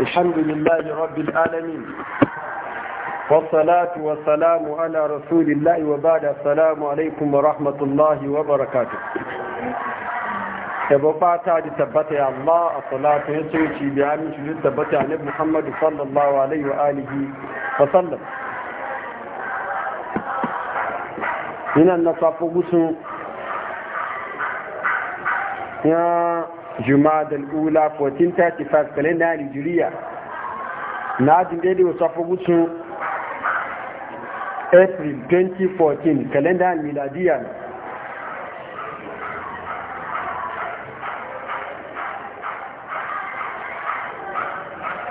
الحمد لله رب العالمين والصلاة والسلام على da الله وبعد السلام عليكم ورحمة الله وبركاته Ebo fata ji tabbata Allah a salatu ya soci da ya mishi ji tabbata ya Nabi Muhammadu sallallahu alaihi wa wa sallam. Ina na safo gusu ya jumada al'ula 1435 kalenda nigeria na jin daidai wasu afogusu april 2014 kalenda miladiya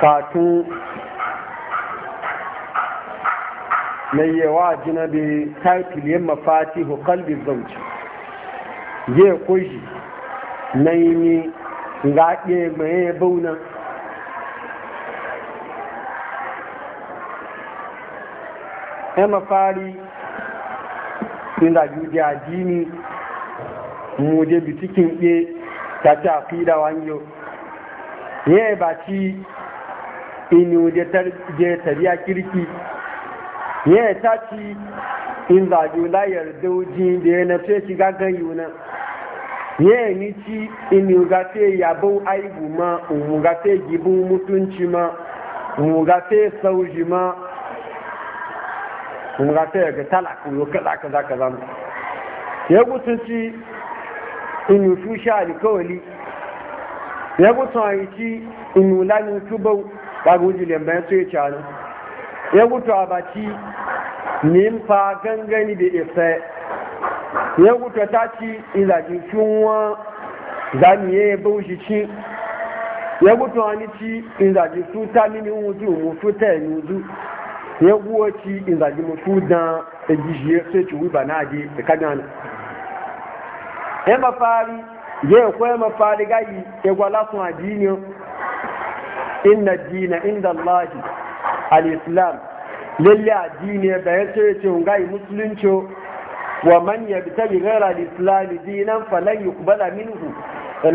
katun mai yawa jina da taifil yin mafati hukalbi zauci ya kushi na yi ga ɗe mai bauna ya mafari sun da juji a jini muje bitikin ɗe ta a fi da wanyo ya yi ba ci inu je tariya kirki ya yi ta ci in zaju layar daujin da ya na shiga gan yunan yẹ́ ní tí ìnìyàngáté yàbọ̀ àìbù mọ́ òmùgáté gìbù mútúnci mọ́ òmùgáté sauji ma òmùgáté ga talaka yau kaza kaza kaza mọ́ ya gutunci inu fusha alikawali ya gutun aiki inu lanin tubau daga wujilen bayan e su ya cani ya gutu abaci nimfa gangani da isa ya wuta ta ci izaji cinwa zaniye baushi ci ya wuta wani ci izaji su ta mini wuzu mu su ta yanzu ya guwa ci izaji mu su dan ejijiye sai ci wiba na aje da kanyana ya mafari ya yi kwaya mafari gayi ya gwala sun adini inna dina inda Allahi al-islam lalle adini e ya sai ya ce hungayi musulunci wa man yabtaghi ghayra al-islam dinan falan yuqbala minhu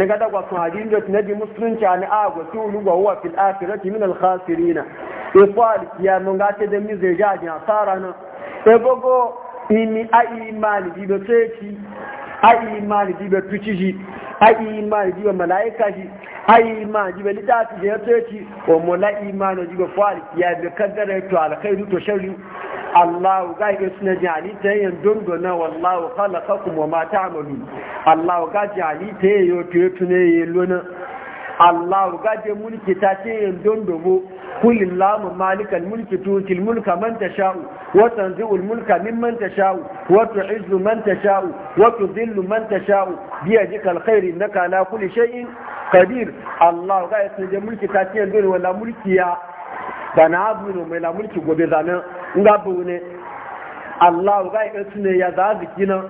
ga dagwa sun hadin da tunabi musulunci an a ga su lu wa fil akhirati min al-khasirin ifal kiyamun ga da mi zai ja ni asara na sai e a imani bi da sai a imani ji bai tuci a imani ji bai mala'ika shi a imani ji bai littafi da ya tuci wa mula imani bai fa'al ya bai kaddara to alkhairu to sharri Allah ga ga suna jali ta yin dungona wallahu khalaqakum kuma mata ta'malun Allah ga jali ta yo to tune yelona Allah ga je mulki ta ce yin dondobo kulillahu malikal mulki tutil mulka man sha'u. wa tanzi'ul mulka mimman tasha'u wa tu'izzu man tasha'u wa tudhillu man tasha'u bi yadika alkhair na ala kulli shay'in qadir Allah ga ya suna mulki ta ce yin dondobo wala ya? bana abu mai la mulki gobe zanan nga bune Allah ga ya tsune ya za kina.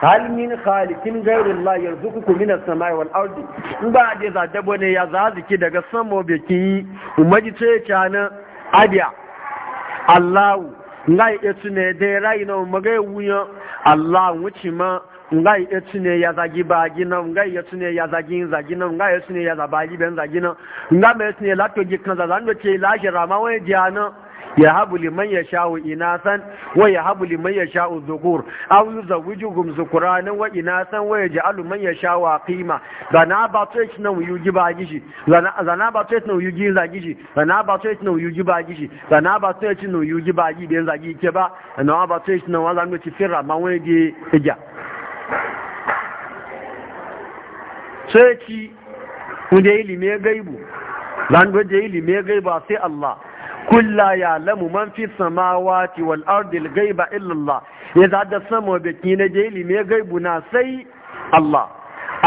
hal min khaliqin ghayru Allah yarzuqukum min as-sama'i wal ardi ba da za dabo ne ya za ziki daga samo be ki umaji ce na adiya Allah nga ya tsune da rai na maga wuya Allah wuci ma nga ya tsune ya zagi ba gina nga ya tsune ya zagi zagi na nga ya tsune ya zaba gi ben zagi na nga me tsune la to gi kan za zan ce la jira ma wani diana ya habu liman ya sha'u inasan wa ya habu liman ya sha'u zukur aw yuzawwijuhum zukuranan wa inasan wa yaj'alu man ya sha'u aqima zana ba to yace na yuji ba gishi zana ba to yace nan yuji za gishi zana ba to yace nan yuji ba gishi zana ba to yace nan yuji ba gi ben za gi ke ba na ba to yace na wa zan ci firra ma wani ge ija sai ci kun da ilimi gaibu zan da ilimi gaiba sai Allah kulla ya lamu man fi samawati wal ardil gaiba illallah ya za da sama baki na je ilimi gaibu na sai Allah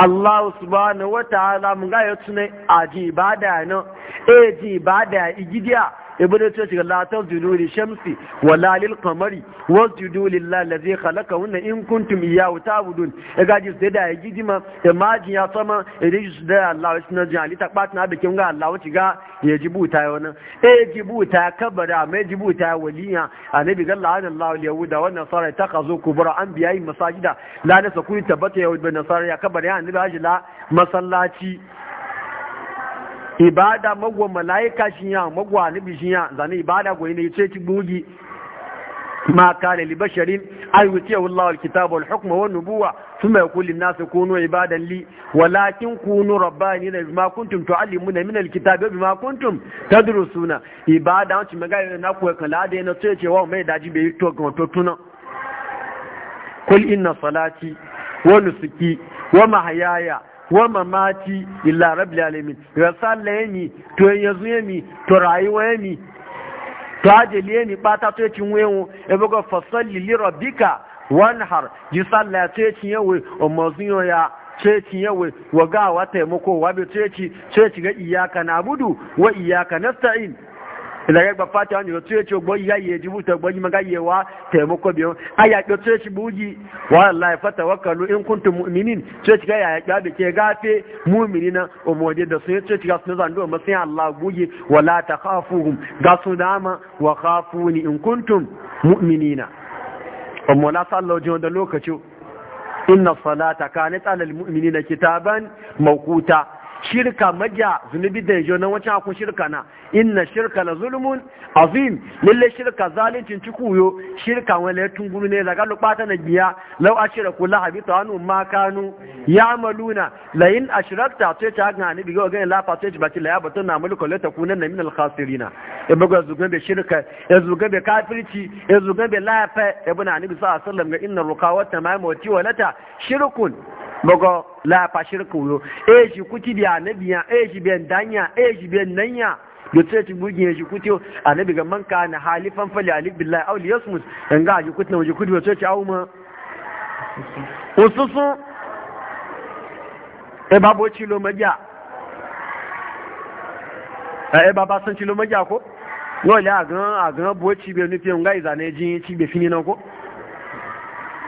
Allah subhanahu wa ta'ala mun ga ya tunai aji ibada na e ibada igidiya ibn tayyib ga la tasjudu li shamsi wa la lil qamari wasjudu lillahi allazi wa in kuntum iyyahu ta'budun e gaji sai da ya gidima e maji ya sama e da su da Allah wasu na jali ta patna na bikin ga Allah wuci ga ya jibuta ya wannan e jibuta kabara mai jibuta waliya annabi ga Allah Allah al yahuda wa nasara takazu kubra anbiya'i masajida la nasakuni tabata yahud bin nasara ya kabara ya annabi ajila masallaci ibada magwa malaika shi ya magwa nabi shi ya zane ibada goyi ne ce ci gugi ma kale li basharin ay wuti wallahu alkitaba wal hukma wan nubuwa thumma yaqul lin nas kunu ibadan li walakin kunu rabbani bima kuntum tuallimuna min alkitabi bima kuntum tadrusuna ibada wacce maga na ku kala da yana ce cewa mai daji bai to ga to tuna kul inna salati wa nusuki wa mahayaya wa mamati illa rabbil alamin ga sallaye mi to yanzu ya mi to rayuwa ya mi to ajele mi bata to cin wewo e boga fasalli li rabbika wanhar ji salla to cin yawe o mazun ya ceci yawai wa gawa taimako wa bi ceci ceci ga iyyaka na'budu wa iyyaka nasta'in ilaga ba fata wani rotu ya ce gboyi ya yi jibuta gboyi maga yi wa taimako biyu a ya ƙi tsoye shi buji wa Allah ya fata wakalu in kuntum mu'minin tsoye shiga ya yaƙi da ke gafe mu'mini na umode da sun yi tsoye shiga sun zandu amma sun Allah buji wa la su da shirka maja zunubi da yajo na wancan akun shirka na inna shirka na zulumun azim lalle shirka zalincin cikuyo shirka wala tunguru ne daga lubata na biya law kula, la habita anu ma kanu ya'maluna layin in ashrakta to ta ga ni biyu ga lafa fa to ba ti la batun na mulku la kunan min al khasirina bugu ya zugan be shirka ya zugan be kafirci ya zugan be la bi ibn hannu bisa a wasallam ga inna ta ma mawti walata shirkun bogo la fashir kuyo Eji kuti biya anabiya. Eji shi biyan danya e shi nanya da tsaye ci bugin shi kuti annabi ga manka na halifan fali alif billahi aw liyasmus in ga shi kuti na waje kuti wace ci awu ma ususu e babo ci lo maja e, e baba san ci lo maja ko wọ́n lé àgán àgán bó ci bẹ nufi nga ìzànà ẹjìn ci bẹ fini náà ko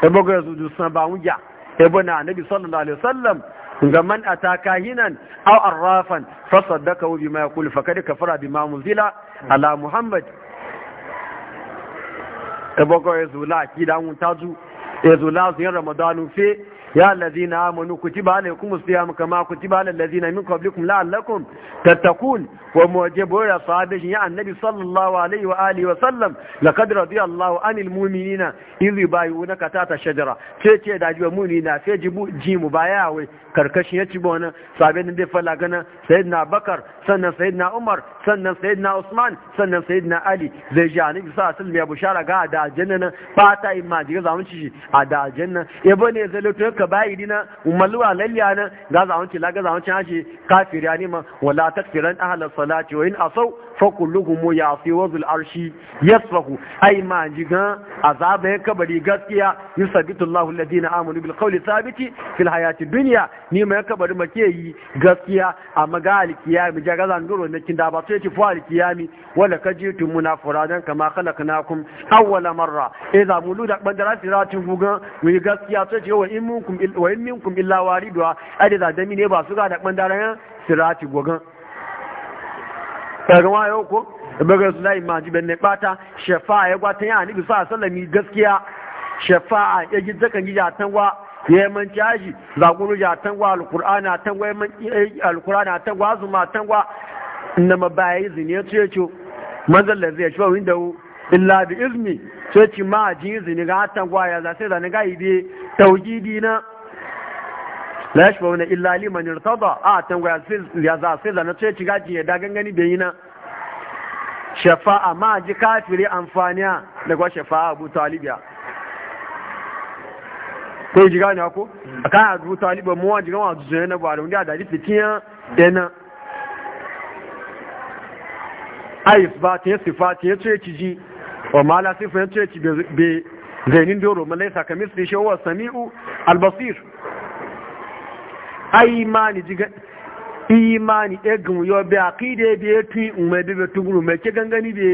ẹ e bọ́gọ̀ ẹ̀sùn dùn sanba ń jà. ibn annabi sallallahu alaihi wasallam ga man ataka hinan aw arrafan fa saddakahu bima yaqulu faqad kafara bima munzila ala muhammad ebogo ezula akida mutaju ezula zin ramadanu fe ya allazina amanu kutiba alaykum as-siyam kama kutiba alal ladzina min qablikum la'allakum tattaqun wa mujibu ya sahabi ya annabi sallallahu alaihi wa alihi wa sallam laqad radiyallahu anil mu'minina idh yubayunaka tata shajara ce ce da jiwa mu'minina sai jibu ji mu baya wai karkashin ya ci bona sahabi da fala gana sayyidina bakar sannan sayyidina umar sannan sayyidina usman sannan sayyidina ali zai ji annabi sallallahu alaihi wa sallam ya bushara ga da janna ba ta imma jiga zamu ci a da janna yabo ne zai lutu kaba'iri na umaluwa lalya na ga zawanci la ga zawanci hashi kafir ya nima wala takfiran ahla salati wa in asau fa kulluhum yafi wazul arshi yasfahu ay ma jiga azaba kabari gaskiya yusabitu Allahu alladhina amanu bil qawli thabiti fil hayati dunya nima ma kabari make yi gaskiya amma ga alkiyami jaga zan duro ne kin da ba sai ci fa alkiyami wala kajitu munafuradan kama khalaqnakum awwala marra idza muludak bandara siratin fuga wi gaskiya sai ce wa in minkum illa wariduwa ai da zadami ne ba su ga da ɓandaren sirati gogan ƙarƙar wayo ko ibagar su lai maji ben ne ɓata shafa'a ya gwata ya ni sa sallami gaskiya shafa'a ya ji zakan gida tanwa ya yi man caji zakuru ya tanwa alkur'ana tanwa alkur'ana tanwa azuma tanwa na mabayi zine ce ce manzan da zai shawo inda illa bi izini sai ci ma ji zini ga hatan gwaya za sai zane ga ibe tauhidi la yashfa wa illa liman irtada a tan ga ya za sai da na ce ci gaji ya da gangani da yi na shafa'a ma ji kafiri amfaniya da kwa shafa'a abu talibiya ko ji gani ko akan abu talibiya mu wa ji gama zuwa na ba da wanda da fitiya yana ayis ba ta yi sifa ta yi ce ci ji wa mala la sifa ya ce ci be zainin doro man laisa ka misli shi wa sami'u albasir ai mani jiga imani egun yo bi aqide bi etin umma bi betuguru me ke gangani bi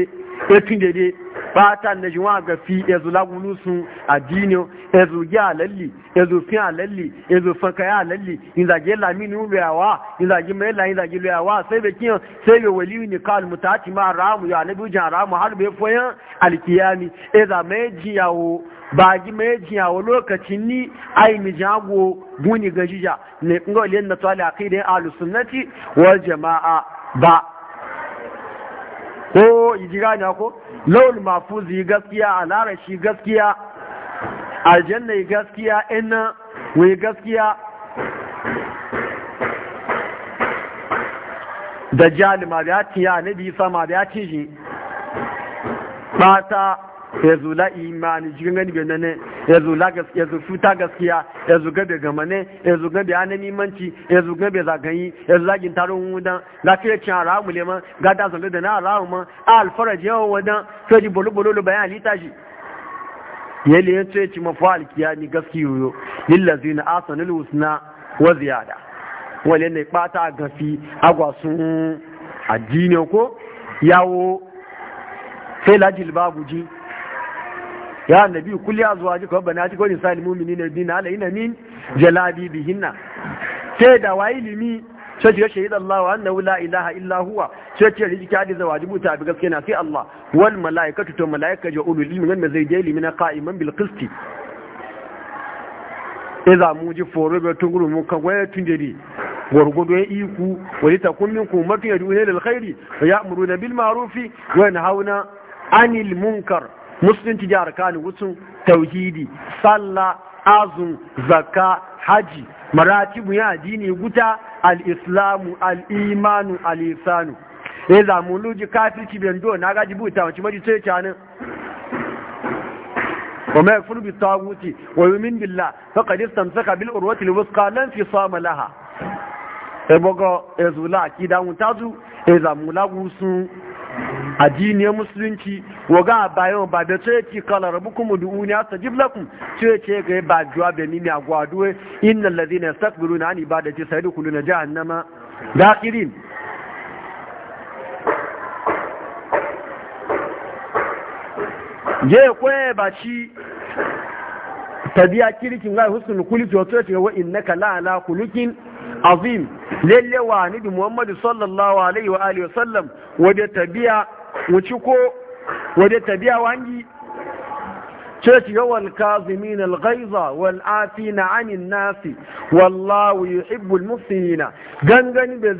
etin dede fata na jiwa ga fi ezu zu sun addini ya gi a lalli ezu fi a lalli ezu fanka ya lalli in zage laminu luyawa in zage mai la in zage luyawa sai be kiyan sai be wali ni kal mutati ma ramu ya nabi jan ramu har be foyan alkiyami e za mai jiyawo ba gi mai jiyawo lokacin ni ai mi jago buni gajija ne ngol yanna tali aqidin ahlus sunnati wal jamaa ba ko yi jira ko lawul mafuzi gaskiya a larashi gaskiya aljanna yi gaskiya ina wai gaskiya da jalima da ya tiya a nabi sama da ya ci shi ɓata ya zula imani cikin gani bai nane ya zula gaskiya ya zufuta gaskiya ya zuga bai gama ne ya zuga bai hannun imanci ya zuga bai zagayi ya zagin taron wudan lafiyar cin haramu ne ma gada zanga da na haramu ma a alfara yawan wadan sai ji bolo-bolo bayan halitta shi yali ya ce ci mafi alkiyami gaskiyoyo lillazi na asanil husna wa ziyada wale ne bata gafi agwasun addini ko yawo sai lajil babu ji ya annabi kulli azwajika wa banatika wa nisa'il mu'minina yudina alayna min jalabibihinna sai da wa ilimi sai ce shahid Allah "Wa annahu la ilaha illa huwa sai ce rijiki hadi zawajibu ta bi gaskiya na sai Allah wal malaikatu to malaika ja ulul ilmi wanda zai daili na qa'iman bil qisti idza muji foro be tunguru mu ka waya tunjeri gwargwado ya iku wani takun min kuma tun yadu ne da alkhairi wa ya'muruna bil ma'rufi wa yanhauna anil munkar musulunci da arkanin wucin tauhidi sallah azun zakka haji maratibu ya addini guta al-islamu al-imanu al-isanu ya e, zamu luji kafirci do na gaji buta wacce maji wa canin وما يكفر بالطاغوت ويؤمن بالله فقد استمسك بالعروة الوثقى لا انفصام لها ebogo ezula akidan tazu e, lagu Sun, addiniyar musulunci waga bayan ba da ce ki kala rabukum ud'uni astajib lakum ce ce ga ba juwa be mini agwaduwe innal ladina yastakbiruna an ibadati sayadkhuluna jahannama dakhirin je kwaye ba shi tabiya kirkin ga husnul kulki wato ce wa innaka la ala kulukin azim lalle wa bi Muhammadu sallallahu alaihi wa alihi wa sallam wadda tabiya wuci ko wadda tabiya wangi ce ci yawan kazimin al-ghaiza wal nasi wallahu yuhibbul mufsina gangan da gan bai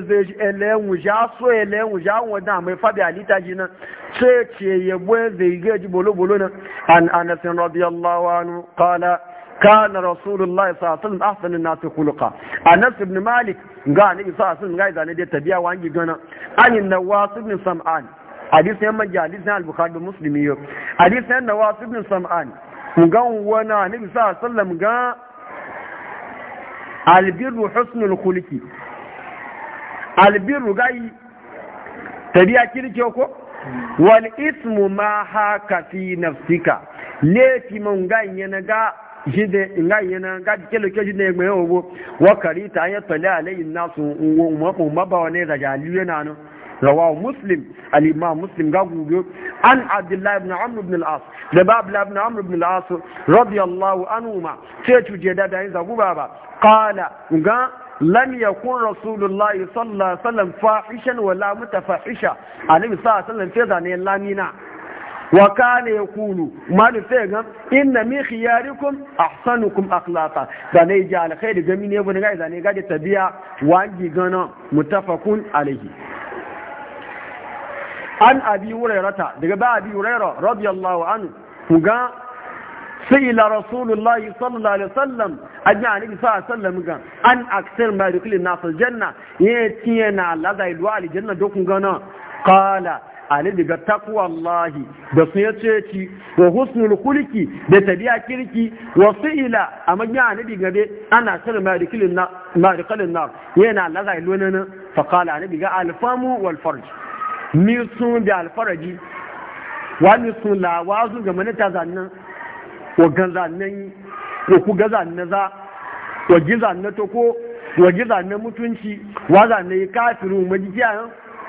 zai shi so elen wadda mai fabi alita ji nan ce ce yabo zai gaji bolo-bolo nan an anasin radiyallahu kala كان رسول الله صلى الله عليه وسلم احسن الناس خلقا انس بن مالك قال النبي صلى الله عليه وسلم غا زاني دي تبيا وانجي غنا عن النواس بن سمعان حديث يما جاء حديث البخاري ومسلم يو حديث النواس بن سمعان غن وانا النبي صلى الله عليه وسلم قال البر حسن الخلق البر غاي تبيا كيركيو كو والاسم ما هاك في نفسك ليتي من غاي ينغا jide nga yana nga kelo ke jide gbe owo wa karita ya tale alayhi nasu ngo mo ko maba wa ne da jaliye na no rawahu muslim al imam muslim ga al as da bab ibn amr ibn al as ce tu je da da yin zagu baba qala nga lam yakun sallallahu alaihi wasallam fahishan wala mutafahisha sallallahu alaihi wasallam ce zane lamina wa kana yakulu malu sai ga inna min khiyarikum ahsanukum akhlaqa da ne ji alkhairi ga mine bune ga zane ga tabiya wangi gana mutafakun alaihi an abi ta, daga ba abi hurairah radiyallahu anhu kuga سئل رسول الله صلى الله عليه وسلم أجمع النبي صلى الله عليه وسلم أن أكثر ما يدخل الناس الجنة يتينا لدى janna dokun دوكم قال annabi ga takwallahi da sun ya ce ki wa husnul kuliki da tabiya kirki wa fi'ila amma ya annabi be ana sirri ma na ma dikalin yana laza ilonana fa qala ga alfamu wal farj mi sun bi alfaraji wa mi sun lawazu ga manita zannan wa ganzannan ko ku gazannan za wa gizannan to ko wa gizannan mutunci wa zannan kafiru majiya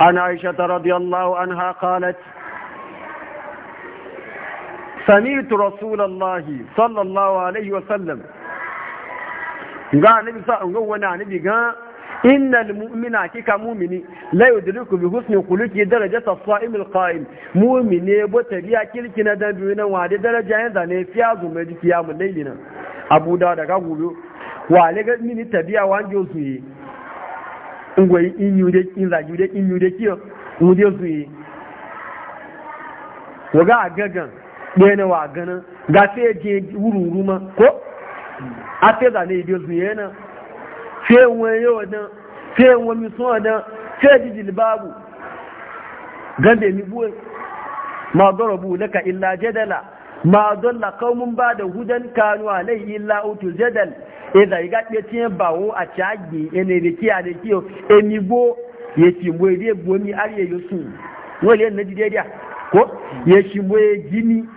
عن عائشة رضي الله عنها قالت سمعت رسول الله صلى الله عليه وسلم قال النبي صلى الله عليه وسلم innal mu'mina kika mu'mini la yudriku bi husni khuluqi darajata as-sa'im al-qa'im mu'mine bo tabiya kirki na dan biyu na wade daraja yan zane fiya zume ji fiya mu lailina abu da daga gubu wale ga mini tabiya wanjo su ngwai inyu de inzaju da inyu de kiyo mu de su yi waga agagan wa ganin ga sai je wururu ma ko a sai ne ibe su yana sai wani yau dan sai wani sun dan sai jijil babu gande mi buwe ma darabu laka illa jadala ma dalla qaumun ba da hudan kanu alai illa utu jadal eza iga kpetie bawo achi agi enereki adekio emigbo yechimbo eri egbo mi ari eyosun nwele na jide dia ko yechimbo ejimi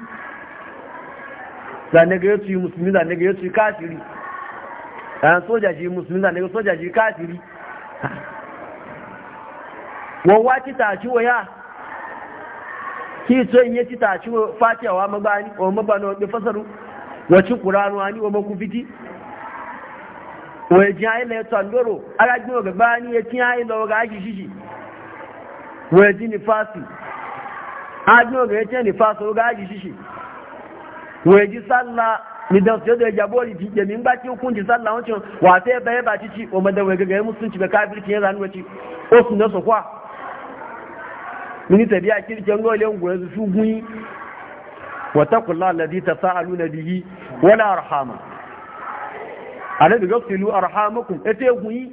zanega yetu yi musulmi zanega yetu yi kafiri soja ji musulmi soja ji kafiri wọ́n wá títà àṣíwò yá kí ìtọ́ ìyẹ́ títà àṣíwò fàtíà wà mọ́gbà ní ọmọ mọ́gbà náà wai ji ayi la yato andoro ala jin oga bani ya tin ayi la aji shishi wai nifasi a oge oga nifasi wee wai ji sallah ni dan su yadda ya jabo ri jike min baki sallah wancan wata ya baye ba cici e o madan wai gagaye musulunci bai kafirci ya zanuwa ci o sun da su kwa minista biya kirkin gole ngwa su gunyi wata kula alladhi tasaaluna anabi gafsilu arhamakum ete guyi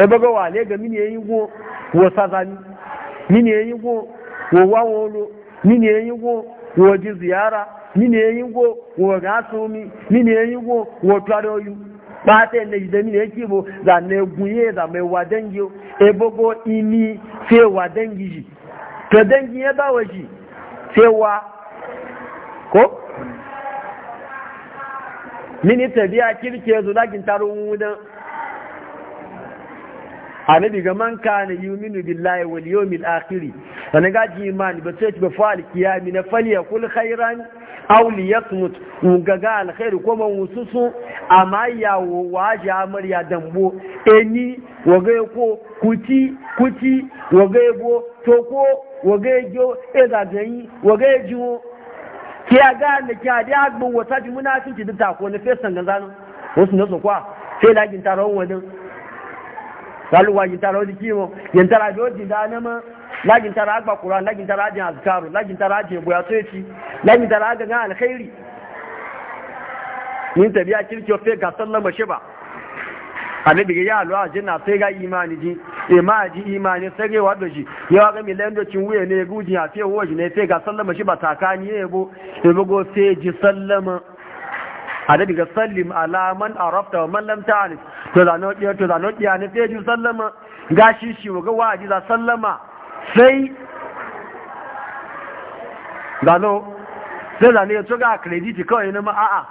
ebe ga wale ga mini yayi go wo sazani mini yayi go wo wawolo mini yayi go wo ji ziyara mini yayi go wo ga sumi mini yayi go wo tladoyu pate ne jide mini yake bo za ne guye za mai wadangi ebogo imi fe wadangi ji to dangi ya dawo ji fe minista biya kirke zu lagin taron wudan annabi ga man kana yuminu billahi wal yawmil akhir sana gaji ji ba sai ba fa'al kiyami na fali yakul khairan aw li yasmut ga alkhair ko man wususu amma ya waje amarya dambo eni waga ko kuti kuti waga bo ko waga jo e ga gani waga jiwo ke ya ga da ke a da wata ji ki duk ko na fesan ga zanen wasu na sokwa sai gin taron wani saluwa gin taron wani kimo gin tara da wajen da na ma gin tara agba na gin tara ajin azkaru gin tara ajin goya soyaci na tara aga ga alkhairi ni tabiya kirki ofe ga sallama shi ba annabi ga yalo a jinna sai ga imani ji e ma ji imani sai ga wado shi yawa ga mi lendo cin wuye ne guji a sai woji ne sai ga sallama shi ba takani ya yabo ya bugo sai ji sallama annabi ga sallim ala man arafta wa man lam ta'rif to da no to da no ya ne sai ji sallama ga shi shi ga waji za sallama sai da no sai da ne to ga credit kawai ne ma a'a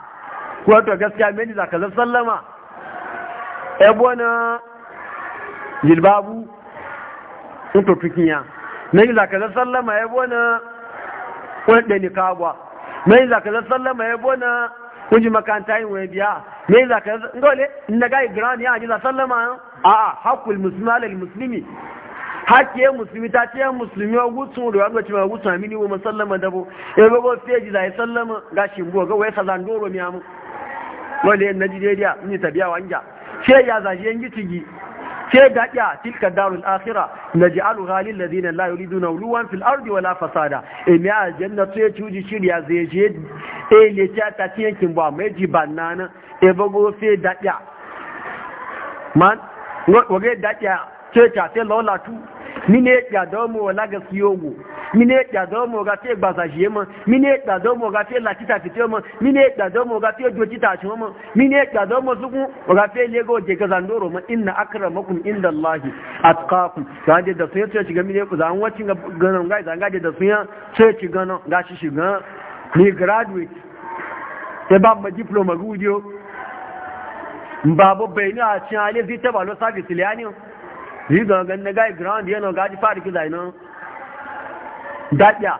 ko to gaskiya me ni za ka sallama ebo na jilbabu to tukiya na yi kaza sallama ebo na wanda ni kagwa na yi zaka sallama ebo na kunji makanta yin wani biya na yi kaza ngole na ga igrani ya jila sallama a a hakul musulmi alal musulmi hakiye musulmi ta ce musulmi wa gutsun da wani cewa gutsun amini wa musallama dabo ya e, gogo feji da sallama gashin buwa ga wai sazan doro miyamu wale na jidediya ni tabiya wanja ce ya zaje yin cigi ce ga ya tilka darul akhira naj'alu ghalil ladina la yuriduna na fil ardi wala fasada e mi jannatu ya tuji shirya zai je e le ta ta yankin ba mai ji banana e bago sai da ya man wage da ce ta sai lolatu mine ya domo wala ga siyogo mine ya domo ga te gbazaje mo mine ya domo ga te latita fite mo mine ya domo ga te dotita shi mo mine ya domo zuku ga te lego je ga zandoro mo inna akramakum inda allahi atqakum ga de da sun ce ga mine ku zan wacin ga ganan ga zanga de da sun ce ci ganan ga shi shiga ni graduate te ba ma diploma gudio mbabo bayni a cin ale zai ta balo service liyani yi gangan na gai ground yana gaji fara kiza na daɗya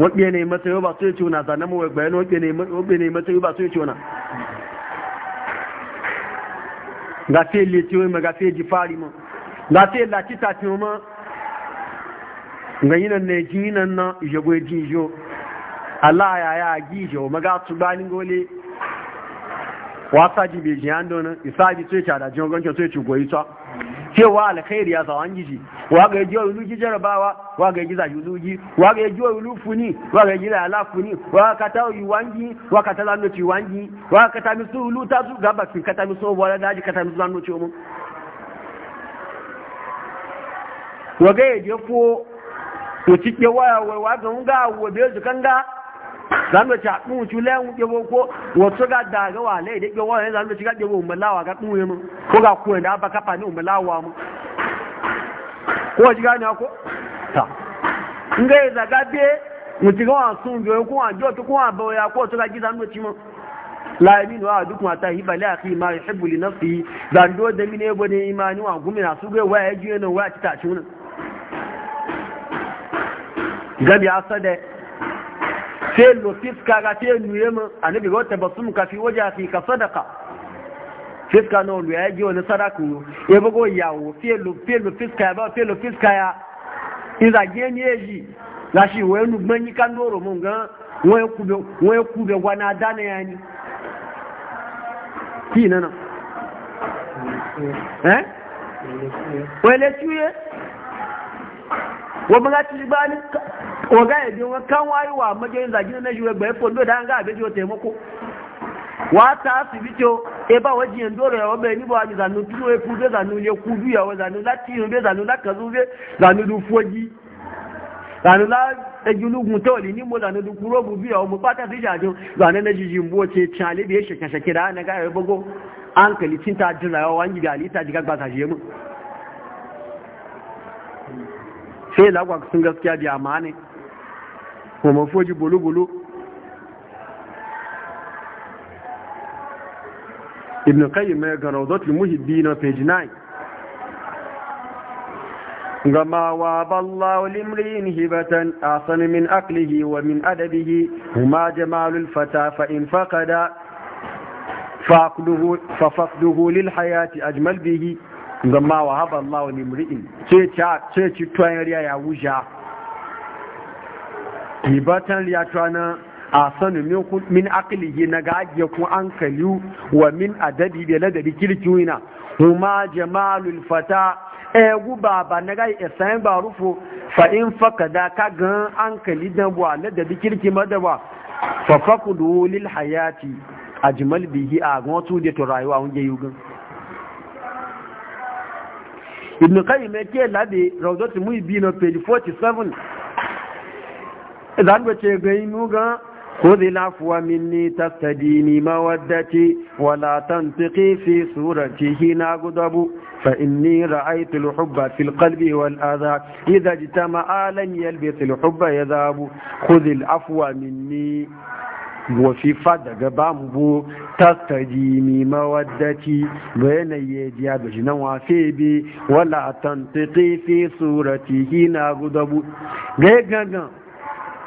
waɗe ne matsayi ba su yi ciwona zanen mawa bayan waɗe ne matsayi ba su yi ciwona ga fiye letiyo ma ga fiye fari ma ga fiye lati tatiyo ma ga yi nan ne ji nan na ijago ji jo Allah ya ya gi jo ma ga su gani gole wasa ji bai ji an donan isa ji tsoye cada jiyon gankin tsoye ci goyi tsoye cewa alkhairi ya zawan giji wa ga jiwa yuluji jarabawa wa ga giza yuluji wa ga jiwa yulufuni wa ga giza alafuni wa ka ta yuwangi wa ka ta lanu ci wangi wa ka ta misu uluta su gaba kin ka ta misu wala daji ka ta misu lanu ci mu wa ga je fo to cike waya wa ga nga wo be su kanga zanu ta kun ci le mu gebo ko wato ga daga wa na de gebo ne zanu ci ga gebo mu lawa ga kun mu ko ga kun da ba kafa ni mu lawa mu ko ji ga ni ko ta ngai za ga be mu ci ga wa sun jo ko wa jo to ko wa ya ko to ga ji zanu mu la ma yuhibbu li nafsi dan do bo ne imani wa su ga ji ne wa ta sai lotis kaga sai nuye mu annabi ga wata basum ka fi waje fi ka sadaka fiska na wani ya ji wani sadaka yo ya bugo yawo sai lo sai lo fiska ya ba sai lo fiska ya iza ge ye ji la shi wo nu gban yi kan doro mun ga wo ku be wo ku be gwana dana ya ni ki nana eh wele tuye wo ba ti ba ni oga ya biyo kan wayi wa majayin zagin na juwe gbaye fondo da an ga taimako wata asibiti e ba waje yin dole ya wabe ni ba ni zanu tuno ya fudo zanu zanu be zanu la kazu be zanu du foji zanu la zanu mo zanu na jiji mbo ce chale bi sheke sheke da na ga ya bogo an kali jira wangi da sai lagwa sun gaskiya bi amane homofoji bolo-bolo ibn kayi mai garawdotul muhibbi na page 9 gama wa ballahu limrin hibatan asan min aklihi wa min adabihi huma jamalul fata fa in faqada fa faqduhu lil hayati ajmal bihi gama wa haballahu limrin ce ce tuwayen riya ya wuja ribatan riyatuwa na a sanu min akilihi na gajiya kun an kaliu wa min adabi da ladabi kirkiwina kuma jamalul fata egu ba na gai esayin ba rufo fa in faka da ka gan an kali da buwa ladabi kirki madawa fa da wulil hayati jimal bihi a gan wasu da to rayuwa wunje yugan ibn mai ke labe rawdatu na page 47 zan bace gai mu ga خذ العفو مني تستديني مودتي ولا تنطقي في صورته ناغضب فإني رأيت الحب في القلب والآذى إذا اجتمع لم يلبس الحب يذاب خذ العفو مني wafi fada gaba mu tastaji mi mawaddati bayana ya jiya da shi nan wafe bi wala tantiki fi surati hina gudabu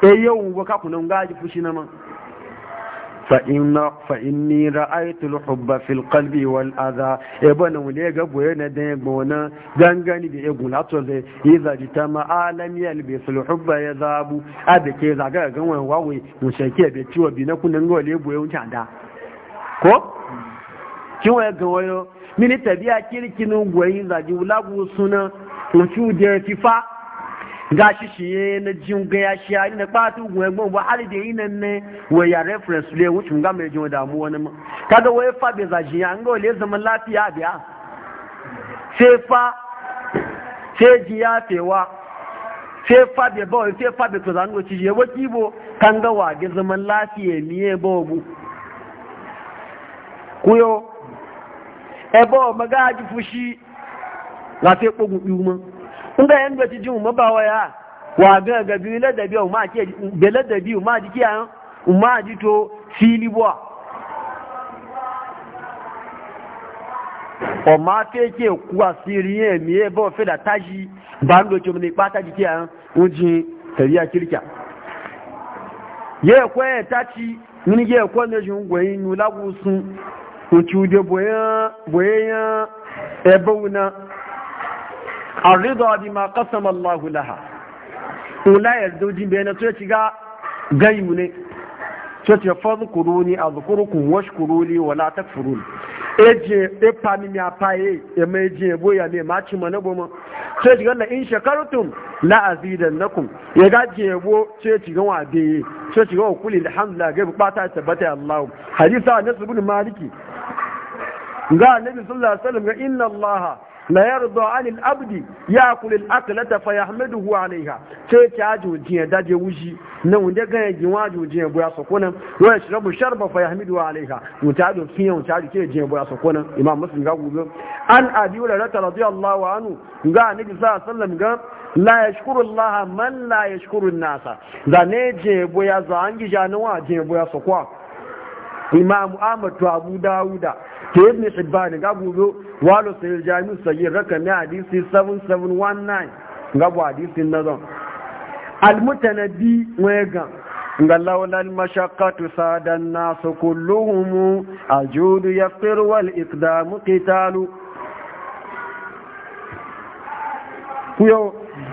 e yau ga ka kunan gaji fushi na man fa inni ra'aytu al-hubba fil qalbi wal adha e bana mu le ga boye na dan gbona gangani bi egun lato ze iza jitama alam yalbi fil hubba yadhabu adake zaga ga wan wawe mu shake be ciwo bi na kunan ga le boye unta da ko kin waya ga wayo mini tabiya kirkinu goyin zaji wulagu suna mu ci je fifa gashi shi na jin gaya shi ya ina ba tu gwe gbon ba hali da ina ne we ya reference le wucin ga mai jin e damu wani ma kaga wai fa be za ji an ga le zama lafiya biya sai fa sai ji ya fewa sai fa be ba sai fa be tozan zan go ci je wa kibo e e kan ga wa ga zaman lafiya miye ba bu kuyo ebo magaji fushi ga sai kogu biyu in ga yan gaci jin ba waya wa ga ga biyu ladabi ma ke be ladabi ma ji kiya ma ji to fili bwa o ma fe ke ku asiri e mi e bo fe da taji ba ndo ke mi pa taji kiya un ji tariya kirka ye ko e tachi ni ye ko ne jun gwe inu lagusun ko chude boyan boyan e bawuna a bima qasama Allah laha ula yardu jin bayana to ci ga gaimu ne to ce fa zukuru zukuru ni a kun wasu kuru azkurukum wa na takfuru eje e je e pa ni mi ye e je e boya ne ma ci mana goma to ci ga la in shakartum la azidannakum ya ga je e bo to ci ga wa be to ci ga kuli alhamdulillah ga bata tabbata Allah hadisa nasbun maliki ga nabi sallallahu alaihi wasallam ga inna Allah la yarda anil abdi yakul al aklata fa yahmaduhu alaiha ce ta ajo jiya daje wuji na wanda ga yaji wajo jiya boya sokona wa yashrabu sharba fa yahmaduhu alaiha wuta do fiya wuta do ke jiya boya sokona imam muslim ga gobe an abi hurairah radiyallahu anhu ga annabi sallallahu alaihi wasallam ga la yashkuru allaha man la yashkuru an-nasa da ne je boya za an gija na wa je boya sokwa imam ahmad abu dawuda ke ibn hibban ga buzo Walu sayyid jami sayyid rakami hadisi 7719 ga bu hadisin nazon al mutanabbi wega ga laulal mashaqqatu sadan nas kulluhum ajudu yaftir wal iqdam qitalu kuyo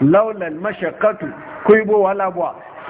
laulal mashaqqatu kuibo wala bwa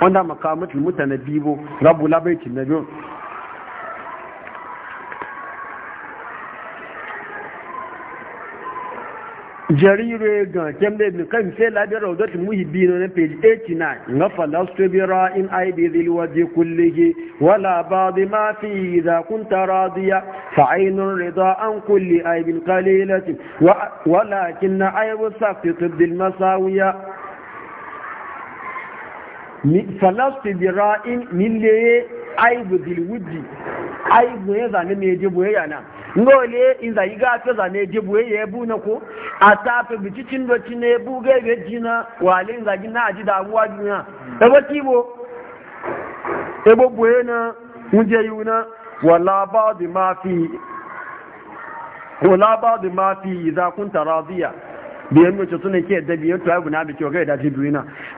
wanda makamatul mutane bibo rabu labaitin na biyu jarire ga kemda ibn kan sai labiyar rawdat muhibbi na page 89 na falastu bi ra'in aidi dhil wajhi kullihi wala ba'd ma fi idha kunta radiya fa aynun rida an kulli aibin qalilatin walakin aibu safi tibdil masawiya falastu bira'in milleye aibu dilwudi aibu zane meje je yana ngole in zai zane je boye ya bu na ko a ta fa bicicin doci ne bu jina wale in zagi na ji damuwa duniya da ba tibo e bo na muje yuna wala ba'd ma fi wala ba'd ma fi kunta radiya biyan mace suna ke da biyan guna bi ga da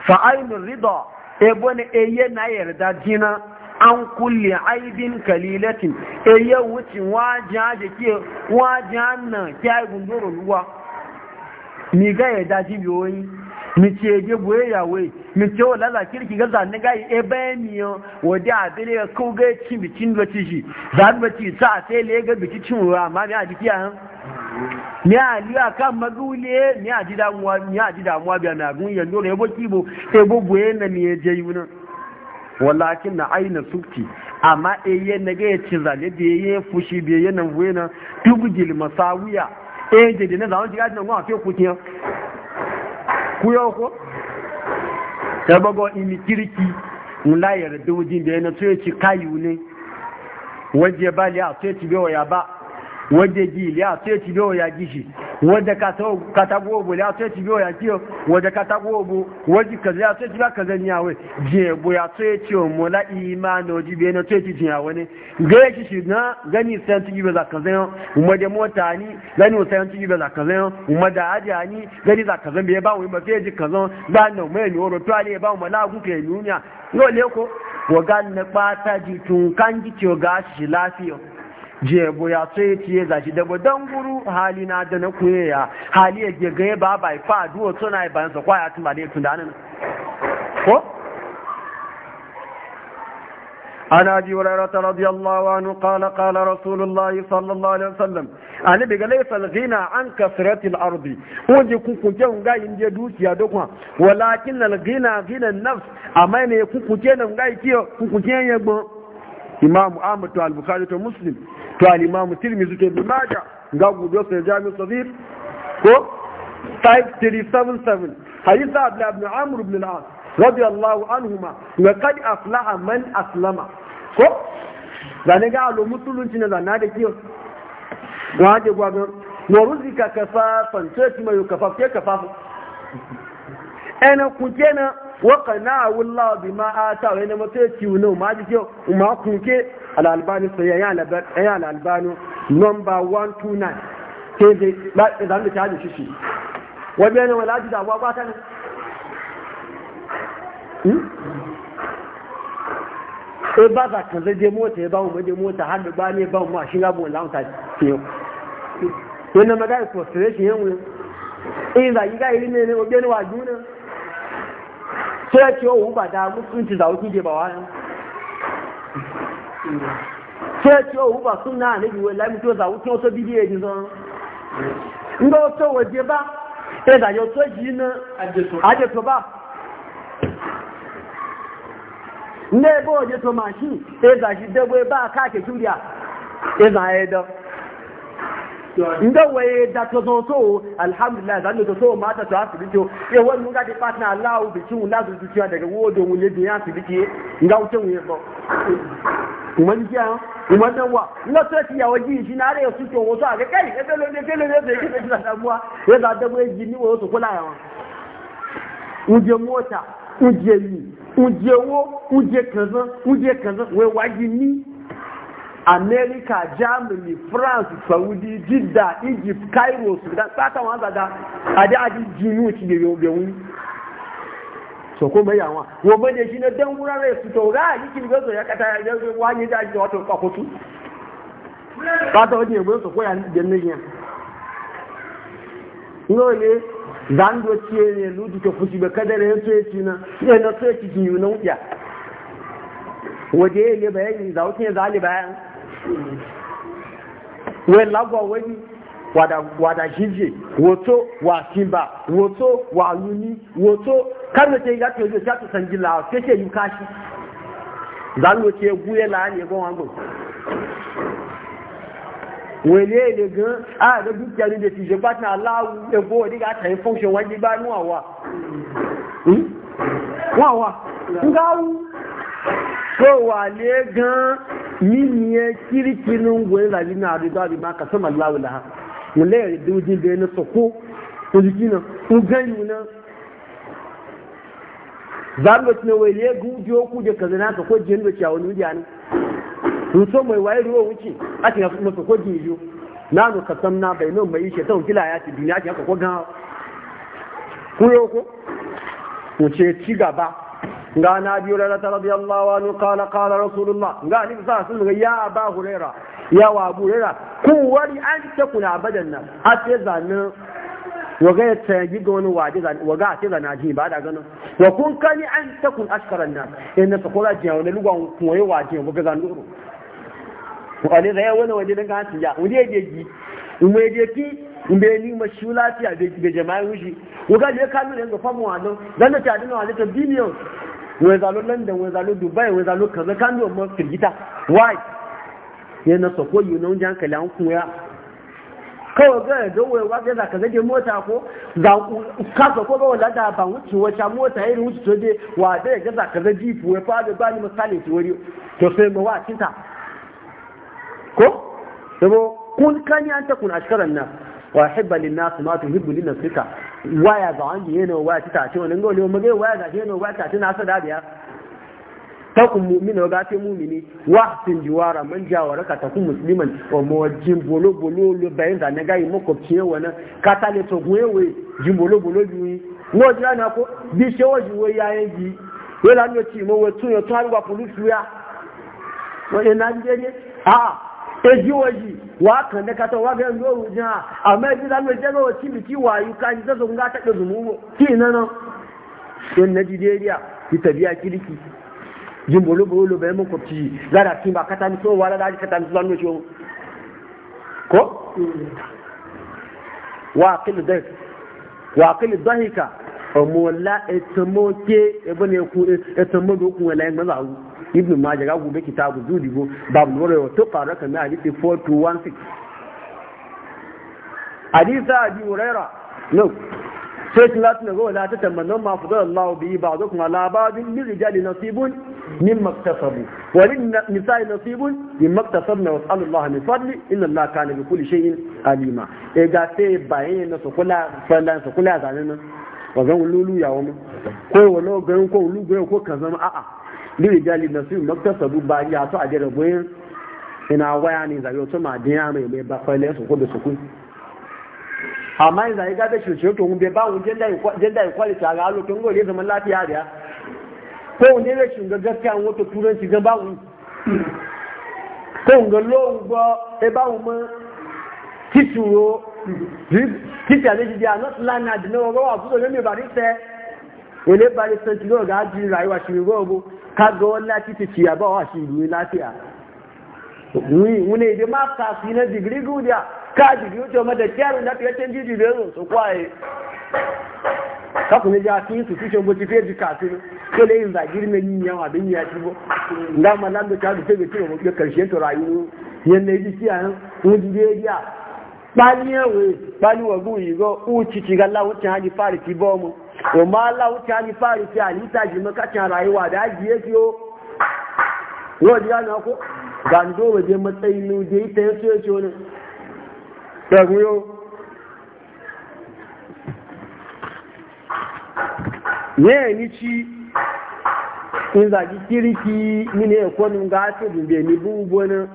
fa ainur rida ebo ne eye na yarda jina an kulle aibin kalilatin eye wuce wajen da ke wajen nan kya gundoro ruwa mi ga daji ji biyoyi mi ce je boye yawe mi ce o lala kirki ga zanne ga e bayan mi yo wadi abele ya ko ga ci bikin lokaci zan ba ci sa sai le ga cin ruwa amma mi a dikiya han ni a a kan magule ni a ji a ji biya na gun yanzu e e ne yabo kibo ebo na ni je yuna na aina sukti amma na ga da ye fushi biye e yana buena tubjil masawiya e je de na zawo ji ga na ngwa fe kutiya ku yo ko sabago imi kiriki mula da yana ya a wadda gili a sai ci biyo ya gishi wadda katagobo ya sai ci biyo ya kiyo wadda katagobo wadda ya sai ci ba kaza ni yawe jebo ya sai ci o mola imano ji biyo na sai ci jin yawe ne gaya shi shi na gani sayan ci gibe za kaza yau umar da mota ni gani sayan ci gibe za kaza yau umar da ajiya ni gani za kaza bai ba wani ba sai ji kaza ba na mai ni oro tuwa ne ba wani ka yi nuniya yau ne ko wa gani na ji tun kan ji lafiya je boya sai ya ciye zaki da badan guru hali na da na kuye ya hali ya ke gaya ba bai fa duwa suna yi bayan sakwa kwaya tun ba da ya tun da nan ko عن أبي هريرة رضي الله عنه قال قال رسول الله صلى الله عليه وسلم أنا بقى ليس الغنى عن كثرة الأرض وجي كوكو جون غاي نجي دوكيا دوكوا ولكن الغنى غنى النفس أما يكون كوكو جون غاي كيو كوكو جون imamu ahmad to al-bukhari to muslim to al-imamu tirmidhi to ibn majah ga gudo sai jami'u sabir ko 5377 hadith abdullah ibn amr ibn al-as radiyallahu anhuma wa qad aflaha man aslama ko zane ga tin da na zanna da kiyo gwa gwagon no ruzika kafafan sai kuma yau kafaf ke kafaf ena waka na awulla bi ma a ta wani ma ji kyau ma kunke al'albani sai ya yi al'albani nomba 129 ke zai ɗan da ta shi wani e ba za ka zai je mota ya ba mu je mota har da ba ne ba mu shi ga bon lanta ke yau yana magana frustration yan wuyan in za yi ga iri ne ne obi ne wa juna sai ce wa oh, ba da musulunci zawo kije ba wa sai ce wa oh, ba suna ne biwe lai mutu zawo kin so bidiye ni zon ndo waje ba e da yo to na ba ne bo je to mashi e da shi dabo ba kake juriya za ya da nga waye da to zo so alhamdulillah zan to so mata to asibiti e wani nga di partner Allah bi cin wala su ciya daga wodo mu yadda ya asibiti nga wuce mu yabo kuma ni ya kuma nan wa nga so ti ya waji shi na da su to wato a ga kai e belo ne belo ne da kike da damuwa ya da da mai jini wa to kula yawa uje mota uje ni uje wo uje kaza uje kaza wai waji ni Amerika germany france saudi jidda egypt cairo sudan sata wọn zada adi adi jinu ti gbèrè obìnrin sọkó mẹ́yà wọn wọ́n mọ́ lè ṣiná dán wúrà ya sùtọ̀ ráà yìí kìí gbèsò yakata yẹn wá ní dájú ọ̀tọ̀ pàkótó látọ̀ ọdún ìwé sọkó yà ní jẹ́ níyẹn ní òye zandu ti yẹ lójú tó fún tibẹ̀ kẹ́dẹ̀rẹ̀ yẹn tó na na tó yẹ ti na náà wọ́n jẹ́ bẹ́ẹ̀ tiẹ̀ bẹ́ẹ̀ wọ́n lágbà wọ́n ní wàdà jíjì wòtó wà kímbà wòtó wà lúní wòtó kánàtẹ ìgbàtí ojú ìjá tó sàngílà kéṣe yìí káṣí zanwòtí egúyẹ láàrin ẹgbọ́n wọn gbọ́n wèlé èdè gan ààrẹ dúkìá ní ìdètì ìjọba tí aláwọ egbò òdíga àtàrí fọ́nṣẹ̀ wọ́n gbígbá níwọ̀n wà so le gan miniye kirkinin gwani zabi na adu zabi ma ka sama lawu laha wale ya ridu jin da yana soko ko jiki na ko ganyu na zabi wacce na wale gudiyo ku da kaza na ka ko jin da ciyawa wani wudiya ni? so mai waye ruwa ci a cikin masa ko jiyo na nu ka na bai nan mai ishe ta wakila ya ci duniya ki haka ko gan kuro ko mu ce ci gaba Nga na biyu rarata radiyallahu anhu qala qala rasulullah nga ni sa sun ga ya aba hurera ya wa abu hurera ku wari an ce kuna badan nan a ce zanin ga ya yi ga wani waje wa ga ce zan ji ba da ganin wa kun kani an ta kun askaran nan in na sakora ji wani lugan kuma ya waje ga zan duro wani zai wani waje dan kan ya wani ya ji mu ya ji ki in ni ma shi lafiya bai jama'a wuji waga ne kanu da ga famu don dan da ta dina wani ta biliyon wezalo london wezalo dubai wezalo kaza kan yi omar firgita why yana sako yi na wajen hankali an kuya kawai ga ya zo wewa zai kaza zage mota ko ga ka sako ga wala da ban wuce wata mota irin wuce to dai wa da ga kaza zage fuwe fa da ba e ni misali ki wari to sai mu wa cinta ko sabo kun kani an ta kun ashkaran nas wa hibba lin nas ma tuhibbu lin nasika waya ga wanda yana waya ta tace wannan ga wani waya ga yana waya ta tace na sada biya takun mu'mina ga ta mu'mini wa tin jiwara man jawara ka takun musliman wa mawajin bolo bolo lo bayin da naga yi mako ciye wana ka ta le to gwewe jin bolo bolo biwi ngo jira na ko bi se wo jiwe ya yin ji wela no ti mo we tun yo tun wa pulu suya wo nje ni ah waji wa kan da kata wa ga yanzu ruja amma idan zan mai jago ci wayu ka ji da zunga ta da zumugo ki nan don na ki tabiya kiriki jin bolo bolo bai mun kwafci zara ki ba kata ni so wala da kata ni zan nocho ko wa qil wa qil dahika amma walla etamoke ibn yaku etamo do wala yan mazahu ibn majah ga gube kitabu zudi go bab no rewo to faro kan ali 4216 hadisa abi uraira no sai tun lati ne go da ta tamannu ma fudu allah bi ba'dukum ala ba'din min rijali nasibun min maktasabu wa lin nisa'i nasibun min maktasabna wa sallu allah min fadli inna allah kana bi kulli shay'in alima e ga sai bayin na su kula fandan su kula zanin nan wa zan lulu ya wani ko wa lo gan ko lulu gan ko kan zama a'a lirijali na su makta sabu ba ya to a jere boyin ina waya ne zai to ma dinya mai mai ba kwale da su kun ga da shi to mun be ba mun jenda jenda quality ga alo to ngole zaman lafiya da ko ne da shi ga ba na a ga wa fuso ne me ba ni se ti lo ga ji rayuwa shi go kaga wallahi ta ciya ba wa shi ruwa lafiya wune da ma kafi na digiri guda ka digiri to ma da kyar da ta canji digiri su kwaye ka ja tun su tushe goci fe ji kafin ko da yin zagiri na yin yawa bin ya ci bo da ma nan da ta da ce ko ya karshe to rayu yan ji kiya nan mu ji ya ya bani yawe bani wagu yigo ci ci galla wuce haji fari bomu kuma Allah wuce ni fari fi halitta ji makacin rayuwa da haji ya fiyo yau ya na ko gando waje matsayin nuje ita ya so ya ce wani ɗaguyo ne ni ci in zagi kiriki mini ya kwanin ga su dube ni bubu wani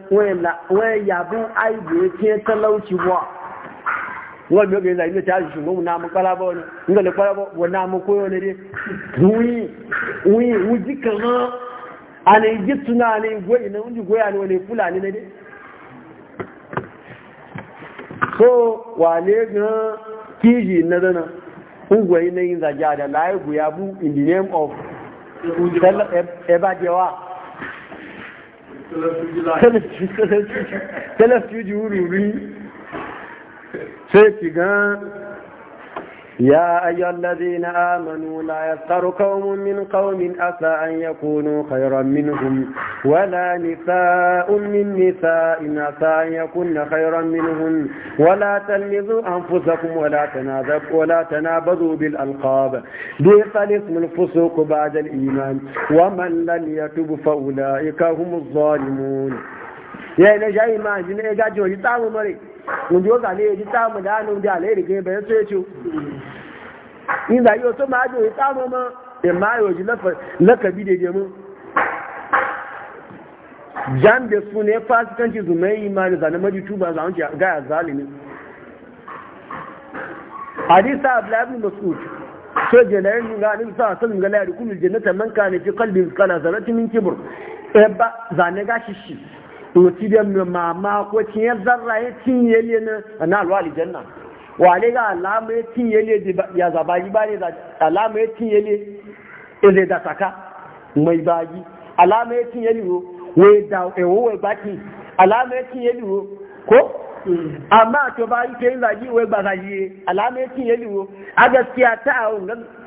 wayan yabin aibu ya ce talauci ba wọ́n mi ó gbé ìlànà ìlú ìtàjì ṣùgbọ́n òun náà mú pálábọ́ ni nígbà lè pálábọ́ náà mú kóyọ́ nílé wúyìn wújí kan àni ìjì àni ìgbé ìnà oúnjẹ ìgbé àni olè fúlàní nílé so e of e, rí sai يا أيها الذين آمنوا لا يفتر قوم من قوم أسى أن يكونوا خيرا منهم ولا نساء من نساء أسى أن يكون خيرا منهم ولا تلمذوا أنفسكم ولا تنابذوا ولا تنابذوا بالألقاب ديق الاسم الفسوق بعد الإيمان ومن لم يتب فأولئك هم الظالمون يا إلى جاي ما جاي جاي جاي mun ji wanda ne ya ji samu da hannun da alayi rigai bayan sai ce in da yau to ma ajo ya samu ma in ma yau ji lakabi da gemu jan da su ne fasikanci zumai imani zanen maji tuba ga gaya zalimi hadisa abdullahi mas'ud sai janayen nuna ne sa sun ga la yadkhulu aljannata man kana fi qalbi kana zanatin min kibr e ba zane gashi shi oti da mama ko cinye zarra ya cinye le na na alwa aljanna wa le ga alama ya cinye di ya zabaji ba ne alama ya cinye le ile da saka mai baji alama ya cinye le we da e wo we baki alama ya cinye wo ko amma to ba yi ke yin zagi we ba zagi alama ya cinye yele a gaskiya ta a wannan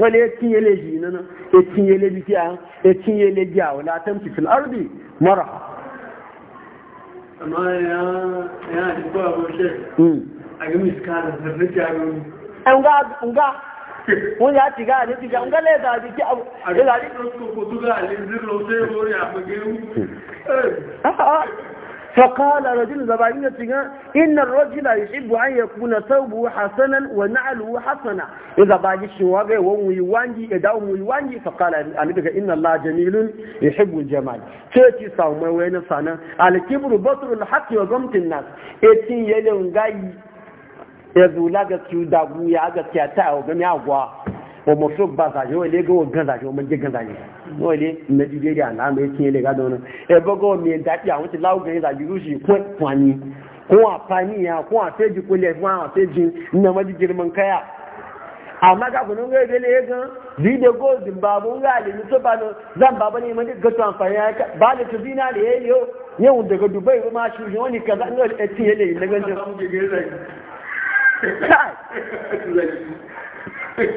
wọ́n lè tí yẹ lè jì nínú etí yẹ lè jì à etí yẹ lè jì àwọn látẹ́m ti fìlà ọ́rùbí mọ́ra. àmọ́ ẹ̀yà ẹ̀yà àwọn ṣẹ́ فقال رجل زبانية إن الرجل يحب أن يكون ثوبه حسنا ونعله حسنا إذا باجي شواغي ومويوانجي إداو مويوانجي فقال أنبك إن الله جميل يحب الجمال تأتي صوما وين صانا على كبر بطر الحق وغمت الناس إتي يلون غاي يزولا غتيو داغو يا غتيا تاو غمي أغوا ومفروق بازاجو إليغو غنزاجو من جي wọ́n lé nàìjíríà àlàmà etí ilẹ̀ gádọ́ náà ẹgbọ́gọ́ mi ìdájí àwọn ti láwùjọ yìí làjú rúṣì kún ẹ̀kún àní kún àpáyé yẹn kún àfẹ́jì kólẹ̀ fún àwọn nínú ọmọdé jẹrìmọ̀ nkáyà amma ga kunun ga gele ya gan zide go zimbabu ga alimi to ba no zan baba ne mun ga to amfani ya ba da to zina da yayi yo yau daga dubai ma shi ne wani kaza ne da tin yayi ne ga jin kai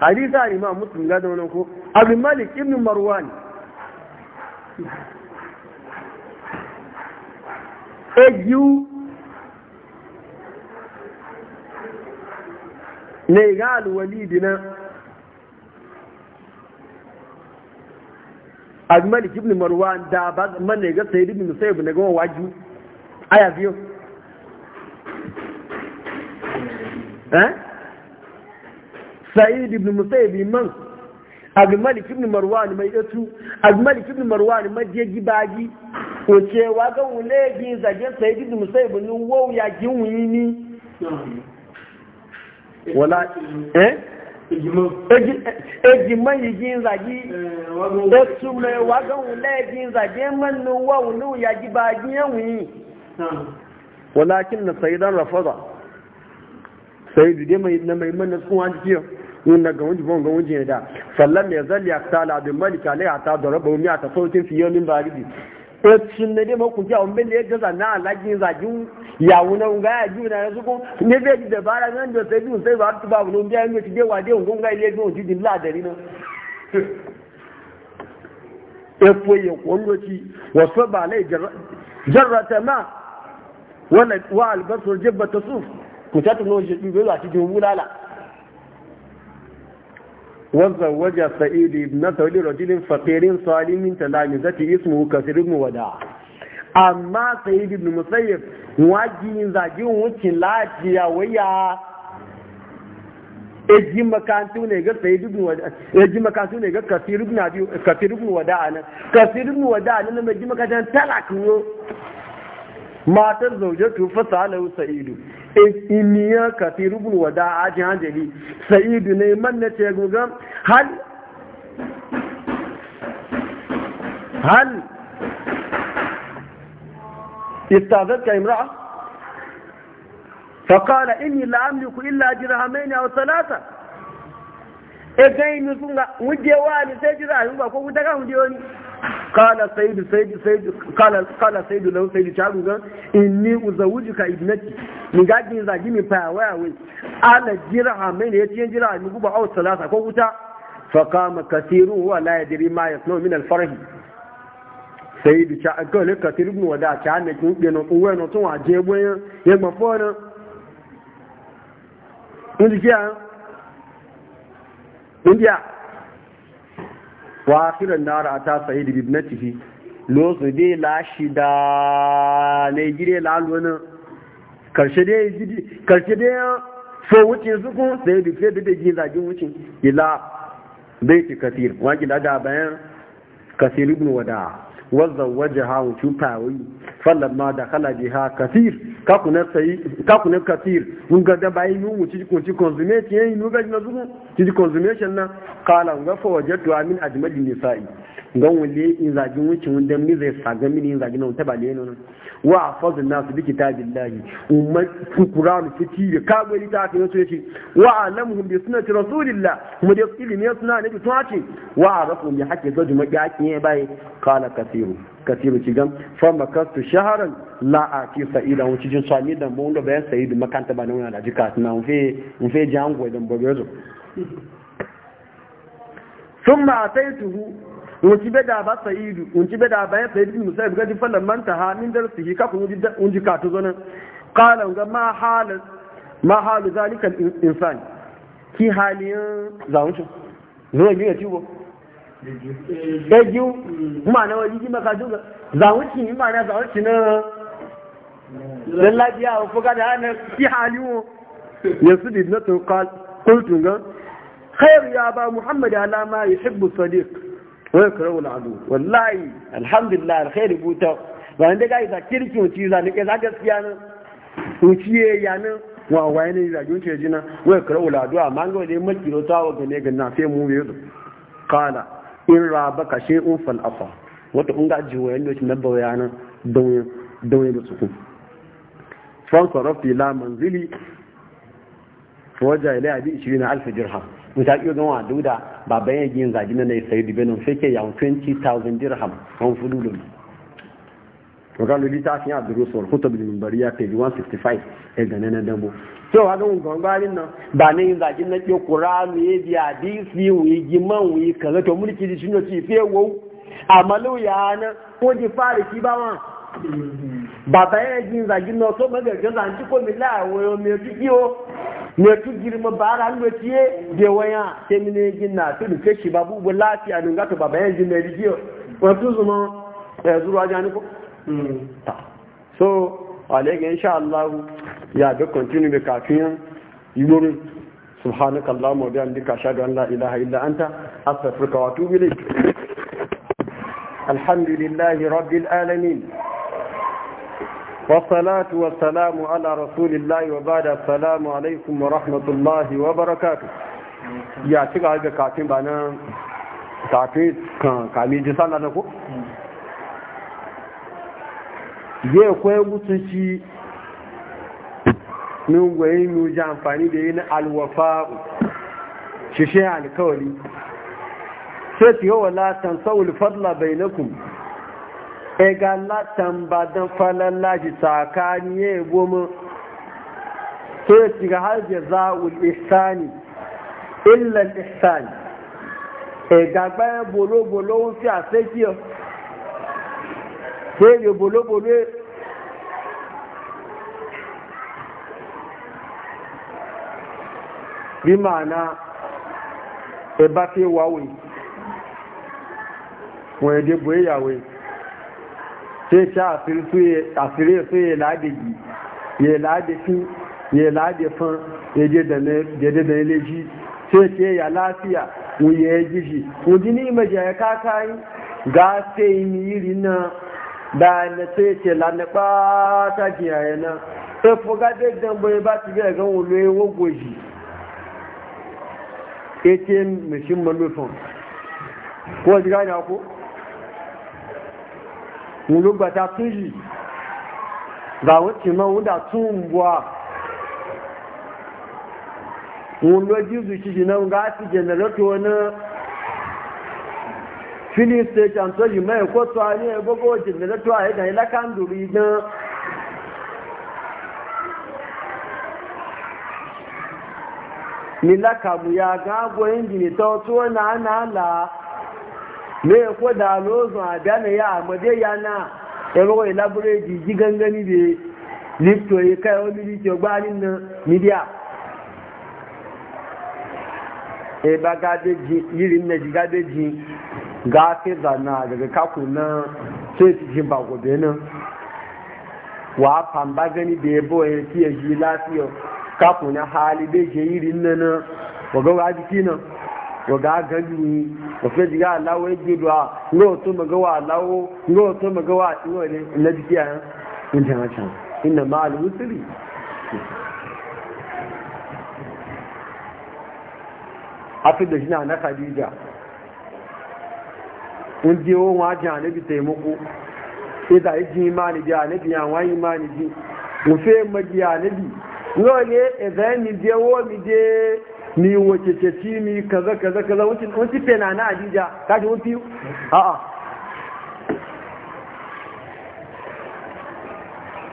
hadisa al-imam muslim ga da wannan ko abu malik ibn marwan ejiu ne ga al-walid na abu malik ibn marwan da ba man ne ga sayyid ibn musayyib ne ga waju aya biyo eh sa'id ibn musayyib man agmalik ibn mai yatu agmalik ibn marwan maje gibaji ni wow ya gi wini wala eh ejiman eh, yi gi da etu me wa ga zage ni wow ni walakin na sayyidan rafada sayyid na mai sun wani in na gawun jibon gawun jini da sallam ya zalli ya ta labin malika ne a ta da raba wani a ta sautin fiyonin baridi e, shin ne. dai makunci a wani ya gaza na alagin zagin yawo na unga ya ji na yasu ne bai ji dabara nan da sai biyu sai ba su ba wani biya ne dai wa dai ungun ga ile biyu jidin ladari nan efo ya kwalloci wasu ba lai jarrata ma wa albarsu jibba ta ku ta tuno shi biyu a cikin bulala wanzan waje sa'idi na sauri rajulin fakirin salimin talami zafi ismu kasirin mu wada amma sa'idi bin musayyib waji zagin wucin lafiya waya eji makantu ne ga sa'idi mu wada eji makantu ne ga kasirin mu wada kasirin mu wada nan ne ji makantan talak ne matar zaujatu fasalahu sa'idu eh, ya kafi rubul wada ajin hanjali sa'idu ne man na ce gugan hal hal istazatka imra'a faqala inni la'amni ku illa a aw thalatha e eh, gaini sunga wuje wani sai jira yunga ko wuta ga wujewa wani قال سيد سيد سيد قال قال سيد له سيد تشاغو اني ازوجك ابنتي من غادي نزاجي من فاوا وي على جرها من يتين جرها من غبا او ثلاثه كو فقام كثير ولا يدري ما يصنع من الفرح سيد تشاغو كثير بن ودا كان كن بينو وينو تو اجي بوين يغبا فورن نديا wa nara a tasa yi da bibnatihi su dai la shida ne gire la karshe dai jidi karshe dai so wucin su kun sai bi fe da gina zagin wucin ila baiti kasir wa gida da bayan kasir ibn wada wazan wajaha wuce fawi falamma da kala biha kathir kakuna sayi kakuna kathir mun ga da bayi mu muci ko ci consummate yayi nu ga na zugu ci consummation na kala nga fa wajatu amin ajmali nisa'i ngan wale in zagi wucin wanda mi zai saga mini in zagi na wata bale ne wa afazu nasu bi kitabillahi umma qur'an fiti da kagari ta ta yace ce wa alamuhum bi sunnati rasulillah kuma da ilimi sunna ne bi ce. wa arafu bi haqqi zaju maqaki bai kala kathiru katibu ci gan fa makastu shaharan la ati sa'ida won ci jin sami dan bon do bayan sa'id makanta ba wani da jika na on fe on fe jango dan bogozo thumma ataituhu won ci beda ba sa'id won ci beda bayan sa'id bin musaib ga din fallan manta ha min darsihi ka kun ji un jika to zo nan qala ga ma hal ma hal zalika al-insan ki haliyan zawuncin zo ne ya ci ejiu ma'ana wajen ji maka juga zawuci yi ma'ana zawuci na lallabiya wa fuka da hannun fi haliwo yanzu da na kultun gan khairu ya ba muhammad alama ya hibbu sadiq wani karau al'adu wallahi alhamdulillah alkhairu buta ba wanda ga isa kirki wuci za ni kaza gaskiya nan wuci ya yanin wa wani zagi wuce jina wani karau al'adu amma ga wani makiro tawa gane na sai mu biyu kala in raba ka she in falafa afa wato in ga ji wayan lokacin nan bawaya nan don yi da suku fan sarafi la manzili waja ila abi alfa jirha muta iyo don wa duda baban yaji yin zagi na ne sai dibenon sai ke yawon 20000 dirham on fululun وقالوا لي تعرفين الدروس والخطب المنبرية في 165 إذا أنا دمو so haka mun gangarin nan ba ne yin zakin na ke Qur'anu ya bi hadisi wi giman wi kaza to mulki di shino ci fe wo amalu ya na ko di fare ki ba wa ba ba jin zakin na so maga ga zan ci ko mila me tu kiyo me tu girma ba ran lo tiye de waya sai jin na tu ke shi babu lafiya nun ga to ba ba yana jin me di kiyo zuma eh zuwa jani ko so alaga insha Allah ya ga continue da kafin yurin subhanaka allahumma wa bihamdika ashhadu an la ilaha illa anta astaghfiruka wa atubu ilayk alhamdulillahi rabbil alamin والصلاة والسلام على رسول الله وبعد السلام عليكم ورحمة الله وبركاته يا تقع ba na تعطيت جسالة نقول zai kwaye mutunci nun gwaye nuji amfani da yi na alwafa shishe alkawari sai ti yawa latan saul fadla bai na ku e ga latan ba don falon laji tsakani ya yi goma sai ti ga har jaza'ul ihsani illal ihsani e ga gbaya bolo-bolo fi a sai sai da bolo-bolo bí ma'ana ẹba fi wáwé wọ́n èdè bó yàwé tí ṣe àfírí fún yẹ láàdé yìí yẹ láàdé fún yẹ láàdé fún jẹdẹdẹ ilé jí tí ṣe yà láàfíà wọ́n yẹ jíjì wọ́n ní ìmẹ̀jẹ̀ káàkáà gáà tẹ́ ìní ìrìnà da na ce ce la na ba ta kiyaye na sai fuga dai dan bai e ba ti ga gan wulo yi e wogoji ete mishin malufin ko ji gani ako wulo gba ta tun yi ga wuce ma wuda tun buwa wulo jizu shi na ga ti generator na filin state and so yìí mẹ́rin kó tó ayé gbogbo jìnnìlẹ́ tó ayé dàn yín lákàndùrú yìí gan. nila kabu ya ga injini ta to na na la me ko da lozo a da ne ya amade ya na e ko ilabure di ji gangani be lifto e kai o mi ti ogba ni na media e ba ga de ji yiri ne ji ga de ji gafe zana daga kaku na sai ji ba gobe nan wa famba gani da ya ya fiye ji lafiya kaku na hali bai ke yi na waga wa jiki nan waga gani wa fi jiga alawo ya yake a nga wato maga wa alawo nga wato maga wa a ne na jiki a yan in jana can inna ma alwusiri a fi da shi na na khadija in je won wajen anabi taimako sai da ji imani ji anabi ya wani imani ji mu fe magi anabi ne eh, idan mi je wo mi je mi wace ceci mi kaza kaza kaza wuce pena na adija kaji wuce a'a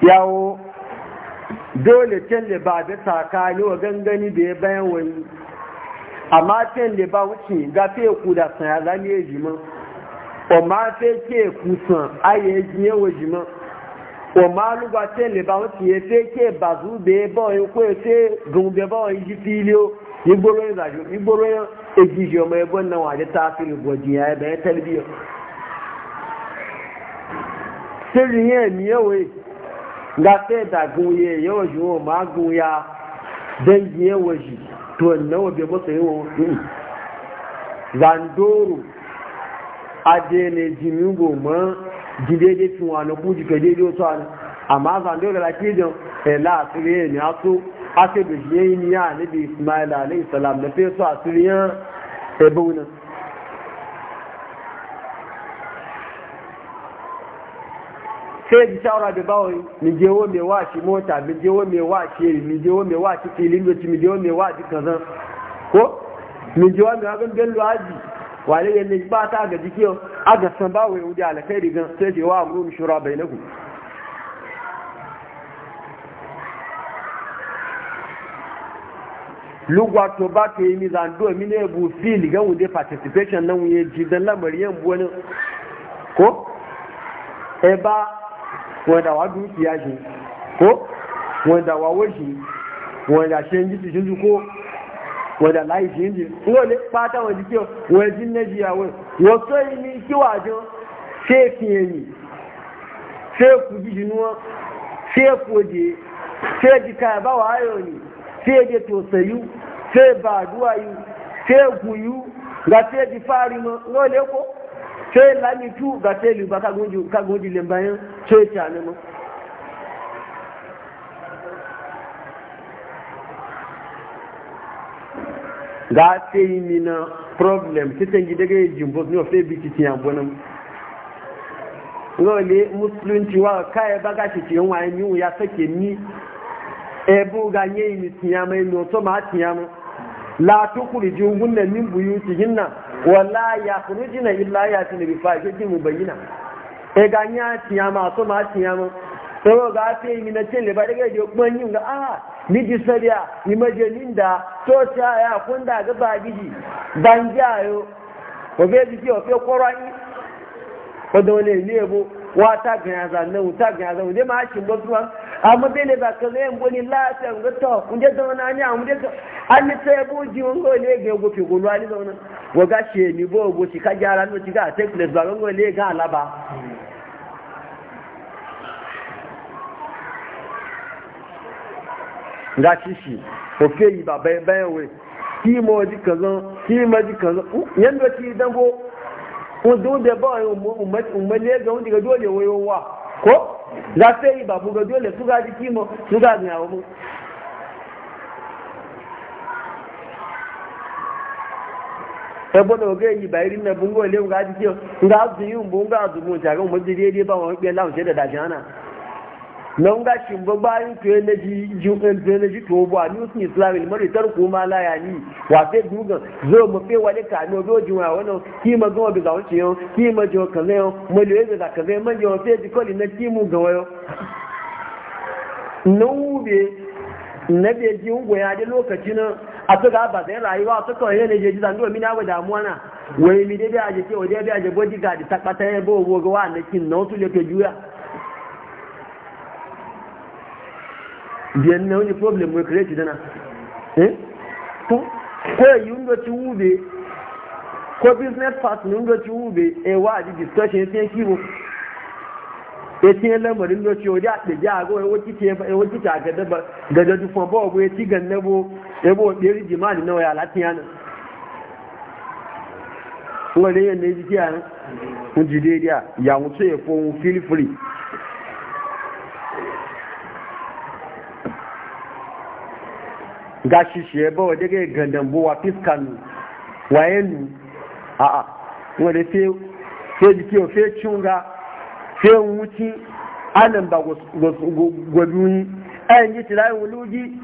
yawo dole can kyalle ba da tsakani wa gangani da ya bayan wani amma kyalle ba wuce gafe ku da sanya zaniye jimin ọ̀ma fẹ́ ke èkú sàn ayé ẹ̀jìn ẹ̀wọ̀ jùmọ̀ ọ̀ma alúgbàtẹ́ lèba wọn ti yẹ fẹ́ kí ẹ̀bàzú bẹ́ẹ̀ bọ́ ẹ̀ kó ẹ̀ fẹ́ gùn bẹ́ẹ̀ fi ilé o igboro yẹn làjò igboro yẹn ejijì ọmọ ẹgbẹ́ náà wà ní táàfin ìbọ̀jì yẹn ẹ̀ bẹ́ẹ̀ tẹ́lẹ̀ bí yẹn. sẹ́lì yẹn ẹ̀mí ẹ̀wọ̀ yìí nga fẹ́ dàgùn yẹ ya dẹ́yìn ẹ̀wọ̀ jù tó ẹ̀ náwó bẹ́ẹ̀ bọ́ sẹ́yìn zandoro aje ne jimi goma jide fi wa na kuji ka daidai ana amma zan da ke jan ila asiriya ne aso ake da shi yayi niya bi ismail alayhi salam da fe su asiriya sai ji shawara da bawai mi je wo me mota mi je wo me wa mi filin mi je wo me ko mi je wo me wa wale ne ba ta ga jikiyo aga san ba wa yahudi alkhairi gan sai ce wa amru shura bainakum lugwa to ba ke yi mizan do mi ne bu feel gan wude participation nan wuye ji dan lamari yan bu wani ko e ba wanda wa dukiya shi ko wanda wa washi wanda shi yin ji ko wọ̀dà láì ṣe ń jẹ wọ́n lè pátá wọ́n ti kí wọ́n ti nẹ́jì àwọn wọ́n tó yìí ní kíwájọ́ ṣéèkì ẹ̀yìn ṣéèkù jíjì ní wọ́n ṣéèkù òjì ṣéèkì káyàbáwà ayọ̀ ni ṣéèkì tòṣèyú ṣéèbà àdúrà yìí ṣéèkù yìí ga fáàrí mọ́ wọ́n lè kó ṣéèlá bá kágójì lè ṣéèkì àná mọ́ ga ce yi mina problem titan gida ga yi jimbos ne wafe bi titin yan bonin lole musulunci wa ka e ba ga titin yan wayan yiwu e ya sake ni ebu ga nye yi tiya mai noto ma e tiya mu la tukuri jungun da min buyuti hinna wala ya kurujina illa ya tinabi fa ke mu bayyana e ga nya tiya ma to ma tiya mu soro ga fi yi mina cin liba daga yau kuma yin ga aha ji sariya da to ta ya kun da ba gidi dan ja yo ko be ji ko fe korani ko da wani ne bo wa ta ga ya ma shi bo ka ne bo ni la ta ga to kun je anya ji ga go fi go lo ani zauna go ga she ni ka jara no go ga alaba ga shishi ko yi ba bayan bayan ki ma waji kazan ki ma ji kazan yan da ki dan ko ko da ba ummat ummat ga wanda ga dole wayo wa ko za su yi ba ga dole su ga ji ki ma su ga ni náà bùngọ́ ilé ń ga jíjẹ́ ń ga ń ń ga bá wọn láwùjẹ́ dàdà jẹ́ náà Na ga shi ba na ji jin na ji to ba ni usun islam il mari tar ya ni wa fe dugan zo mu wale ka do jin wa wannan ki ma zo bi ga wuce yo ki ma jo ka zai mu le ka fe ji koli na ki mu ga na be ji ungo ya da lokaci na a tuka ba rayuwa su kawai ne zan domin na damuwa na mi dai a je ke dai bi a bodyguard ta kata ya bo bo na kin na wasu biyan na wani problem mai kireti dana eh to ko yun do ci wube ko business partner yun ci wube e wa di discussion sai e kibo e ti lamarin do ci odi ade ja go e woki ti e woki ta ga da ga da du fon bo e ti gan na bo e bo de ri jimani na ya latiya na ko le ne ji ya mun ji de ya ya mu se e fo feel free gashi shi ya bawa daga gandambo wa fiskan nu a a wanda fe jiki o fe cunga fe wuci anan ba gwabiyuni ayan yi tilayen wuluji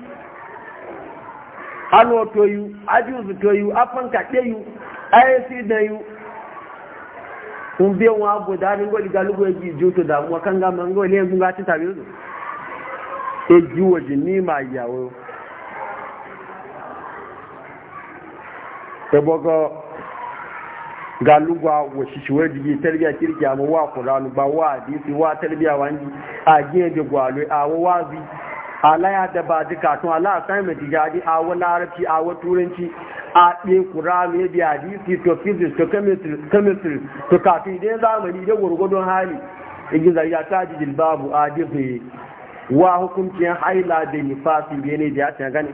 hannu toyu ajiyunsu toyu afan kake yu ayan si da yu kun biyan wa abu da hannun gwali galugu ya ji juto damuwa kan gama ngole ya gunga ta tabi yanzu e ji wa jinni ma yawo ebogo galugwa wa shishiwe jigi tarbiya kirki amma wa kuranu ba wa hadisi wa tarbiya wangi a gina da gwalo a wawazi alaya da ba ji a turanci a ɗe to to to idan zamani da gwargwadon hali igin zariya ta ji jilbabu a hadisi wa hukuncin haila da nifasi bene da ya tana gani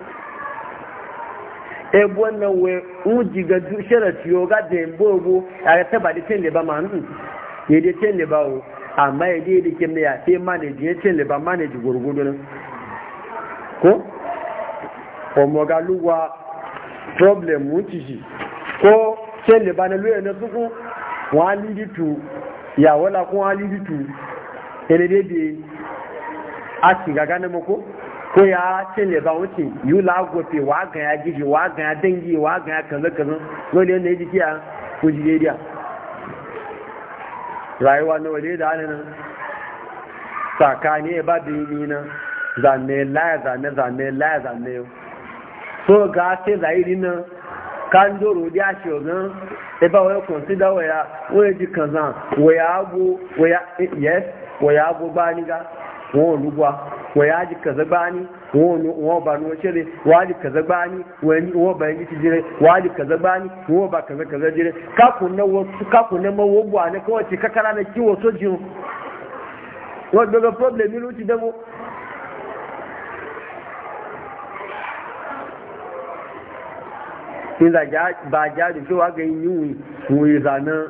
ebu wannan we uji ga sharati yo ga da bobo a ga taba da tin ba ma nun ye de tin ba o amma ye de da kin ya sai manage ye tin ba manage gurgudu ko o mo ga luwa problem mu ci ko tin ba na luye na suku wa tu, ya wala ko wa tu ele dede a ci ga na mo ko ko ya ce ne ba wuce yi lagofe wa ganya ya wa ganya ya dangi wa ganya ya kaza kaza dole ne jiki a kuji rayuwa na waje da ana nan tsakani ba da yi na zane laya zane zane laya zane yau so ga sai zahiri na kan doro ya ce ogan ebe wai consider waya wani ji kaza waya abu waya yes waya abu ba ni ga wọn olugba wa ya ji kaza bani wa ba no shire wa ji kaza bani wa ba yi jire wa ji kaza bani wa ba kaza kaza jire ka kunna wasu ka kunna mawobu kawai ce kakara na kiwo so jiyo wa daga problem ni luti demo in da ba jarin cewa ga yin yiwu wuyi zanen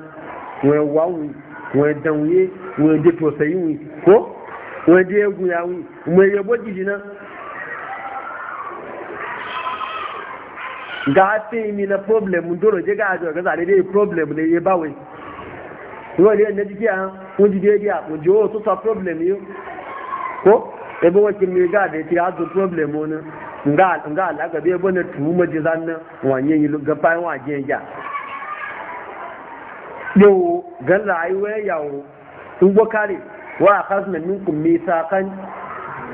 wuyi wawu wuyi danwuye wuyi dito sayi wuyi ko wọ́n dé egun yàwó mọ̀ èyẹ bó jìjì náà gáàtí mi na pọ́blẹ̀mù tó rọ̀jẹ́ gáàjọ ọ̀gọ́sà lédè pọ́blẹ̀mù lè yẹ báwẹ̀ wọ́n lè ẹ̀nẹ́ jíkí àwọn wọ́n jíjẹ́ èdè àpòjò ó tó sọ pọ́blẹ̀mù yìí kó ebe wọ́n ti mi gáàdé ti àtò pọ́blẹ̀mù ọ̀nà nga alága bí ẹgbọ́n na tùwú mọ́ jẹ́sà ná yi yẹ yìí gapa wọ́n Yau ẹja yóò gẹ́lá ayé wẹ́ yàwó wa khasna minkum misaqan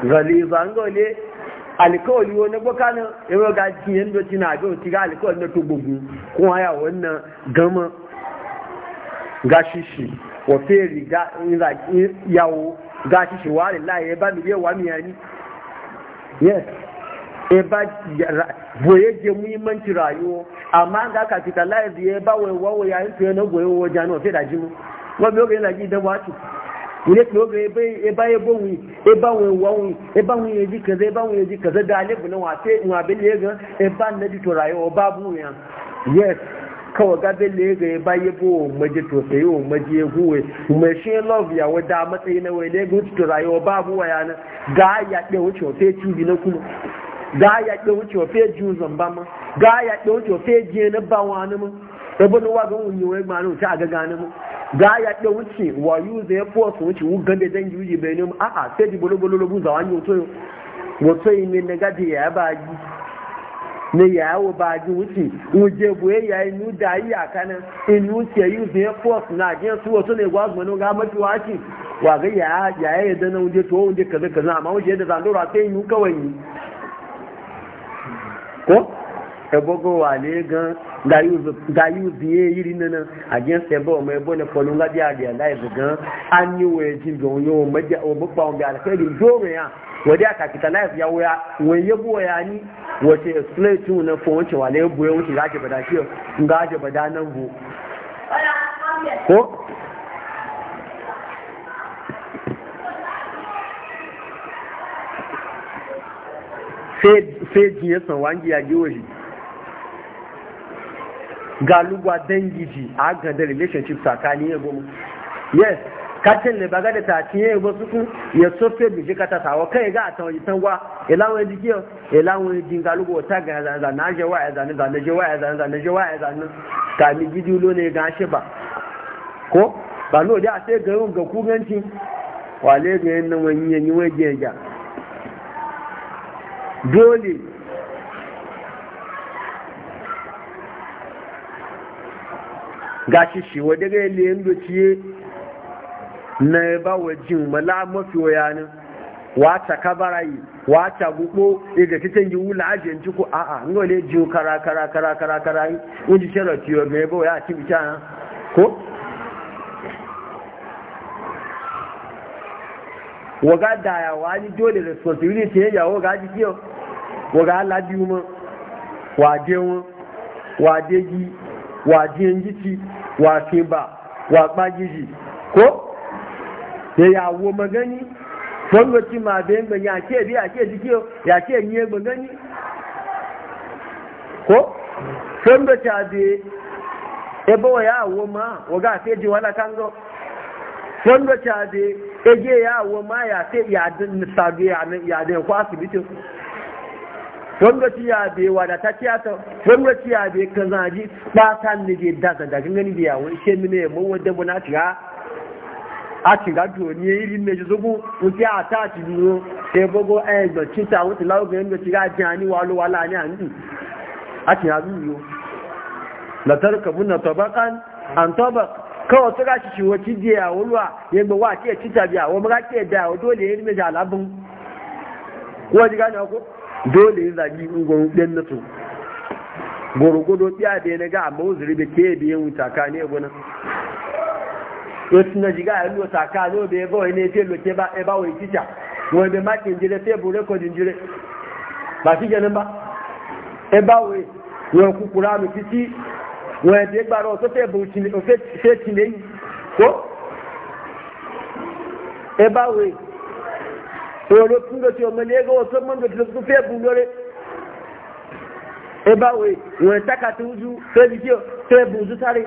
ghaliza ngole alkawali wani bukana yau ga cikin yadda cina ga wata ga alkawali na tubugu kuma ya wannan gama gashishi wa feri ga yawo gashishi wa lillahi ya ba miliyan wa miyani yes ya ba boye je muhimmanci rayuwa amma ga capitalize ya ba wai wawo yayin fiye na goyo wajen wa fi da jimu wani yau ga yana gidan wacu wule kiloga ya baya bonwi ya bawon wawon ya bawon ya ji kaza ya bawon ya ji kaza da alibu na wace nwa bele ga ya ba na ji to rayuwa babu ya yes kawai ga bele ga ya baya ma maji to sai yau maji ya guwe mai shi love ya wada sai na wai lagos to rayuwa babu wa yana ga ya ɗe wuce wa fe cibi na kuma ga ya ɗe wuce wa fe ju zamba ma ga ya ɗe wuce wa fe jiya na ba wani ma ebe da wagon wunye wai manu ta ga gane mu ga ya da wuce ya su wuce bai ne a a sai di yi ne daga da ya ba ji ne ya wo ba ji wuce wuje e ya yi nu da yi e in ya su na jiya su wato ne gwa ga mafi wa ga ya ya da na wuje to wuje kaza kaza amma wuje da zandora sai yi kawai ko ebogo wale gan ga yuzi ye yiri nana against ebo ma ebo ne folo nga bi adi alive gan anyiwe jin bi onye o mokpa ọmọ bi alifẹ ya wadi akakita life ya wea wen yebu wa ya ni wace explain tun na fo wace wale ebu e, ya wuce gaje bada kiyo nga aje bada nan bu ko wangi galugwa dangiji a da relationship tsakanin ya gomu yes kacin ne baga da tafi ya yabo suku ya sofe bi jika ta tawo kai ga ta wani tangwa ilawon jike ilawon jin galugo ta ga zan zan na je wa ya zan na je wa ya zan na je wa ya ka mi gidi ulo ne ga shi ba ko ba no da sai ga ga kuganci wale ga yin nan wani yanyi wani jeja dole ga shi wa daga yi liyan dociye na ya ba wa jin mala mafi wa yanin wata kabarayi wata gugbo daga cikin yi wula ajiyar ciku a a ngo ne jiyo kara kara kara kara kara yi wani shirar tiyo mai ba ya ci na ko waga daya wani dole responsibility ya yawo ga ji kiyo waga alabi mu wade mu wade gi wa ba wa bagiji ko ya yawo magani gwamnati ma da ban ya ke biya ke jiki ya ke niye magani ko gwamnati a biye ebe wa yawo ma waga fe ji wala kango gwamnati a biye ege yawo ma ya fe nisa biya ya den kwa asibitin wanda ci ya be wada ta ci ta wanda ci ya be kan zaji ba san ne je da da kin gani biya wani she mine mun wanda mun na ga a ci ga ya ni irin ne zugu mun ci a ta ci duro sai bogo eh ba ci ta wuta lawo ga yanda ci ga jani walo wala ni an a ci ya duro la tarkabuna tabaqan an tabaq kawai su gashi shi wacce je ya wulwa ya gba wa ke ci ta biya wa mura ke da dole ya yi rime da alabun ko ji gane ko dole yi zagi ungon ɗan na su gwargwado ɗiya da ya naga amma uzuri da ke da yin taka ne gwanan wasu na jiga a yi ka zo da ya ga wani ce loke ba ya ba wani cica. wani da makin jire sai bu rekodin jire ba shi ganin ba ya ba wani wani kukura mu kici wani da ya gbara wasu sai bu sai cile yi ko ya ba wani èrò tún lọ sí ọmọ ilé ẹgbẹ́ ọ̀sán mọ́ndò tó tún fẹ́ bùn lórí ẹbáwẹ̀ wọ̀n tákàtí ojú fẹ́bi tí ó fẹ́ bùn ojú sáré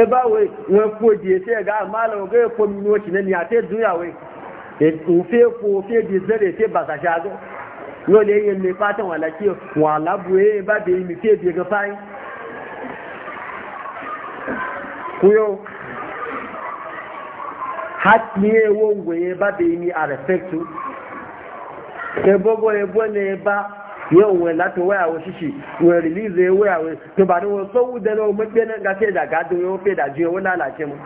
ẹbáwẹ̀ wọ̀n fún òjì ètò ẹ̀gá àmàlà ọ̀gẹ́ èkó mi ní oṣù nẹ́ni àti ìdúnyàwẹ̀ òfin èkó òfin èdè ìzẹ́rẹ̀ ètò ìbàṣàṣà àgọ́ yóò lè yẹn lè fátẹ̀ wọn àlàkí wọn àlábù ẹ̀ bá bẹ̀rẹ̀ mi fẹ́ hakiye wongo ye ba be ni a respectu e bogo e bone ba ye onwe lati waya wo shishi we release e waya we to ba ni wo so wu de lo mo gbe na ga se da ga do yo fe da ju wo la la che mu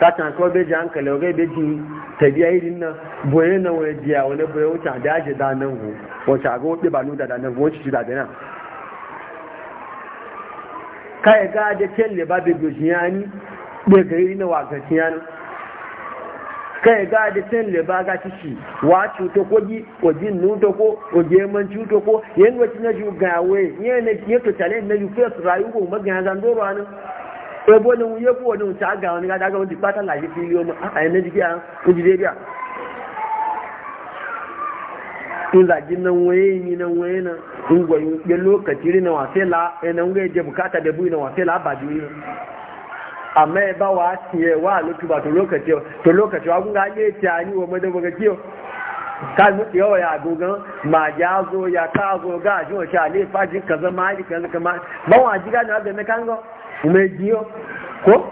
ka tan ko be jan kale o ge be ji tabi ayi din na boye na we dia wo le boye wo cha da je da nan wo wo cha go pe ba nu da da nan wo chi da da ka kai ga de kelle ba be gojiyani be ga yi na wa gajiyani kai ga da sen le ba ga tishi wa cuto ko ji, o ji nu to ko o je man ko yen na ju ga we yen ne to tale na ju fes ko zan e bo ne wuye ko ne ta ga ni ga da ga di pata la ji o ma a e ne ji ga ko ji de ga in da jin nan waye ni nan waye na in goyi lokaci ne na wasela e nan ga je bukata da bui na wasela ba amma ya ba wa tiye wa lutu ba to lokaci to lokaci wa kun ga ne tiyani wa madawa ga kiyo kan yawa ya dogon ma ya zo ya ka zo ga ji wa sha ne faji ka zama ji ka zama ban wa ji ga na da kan go me jiyo ko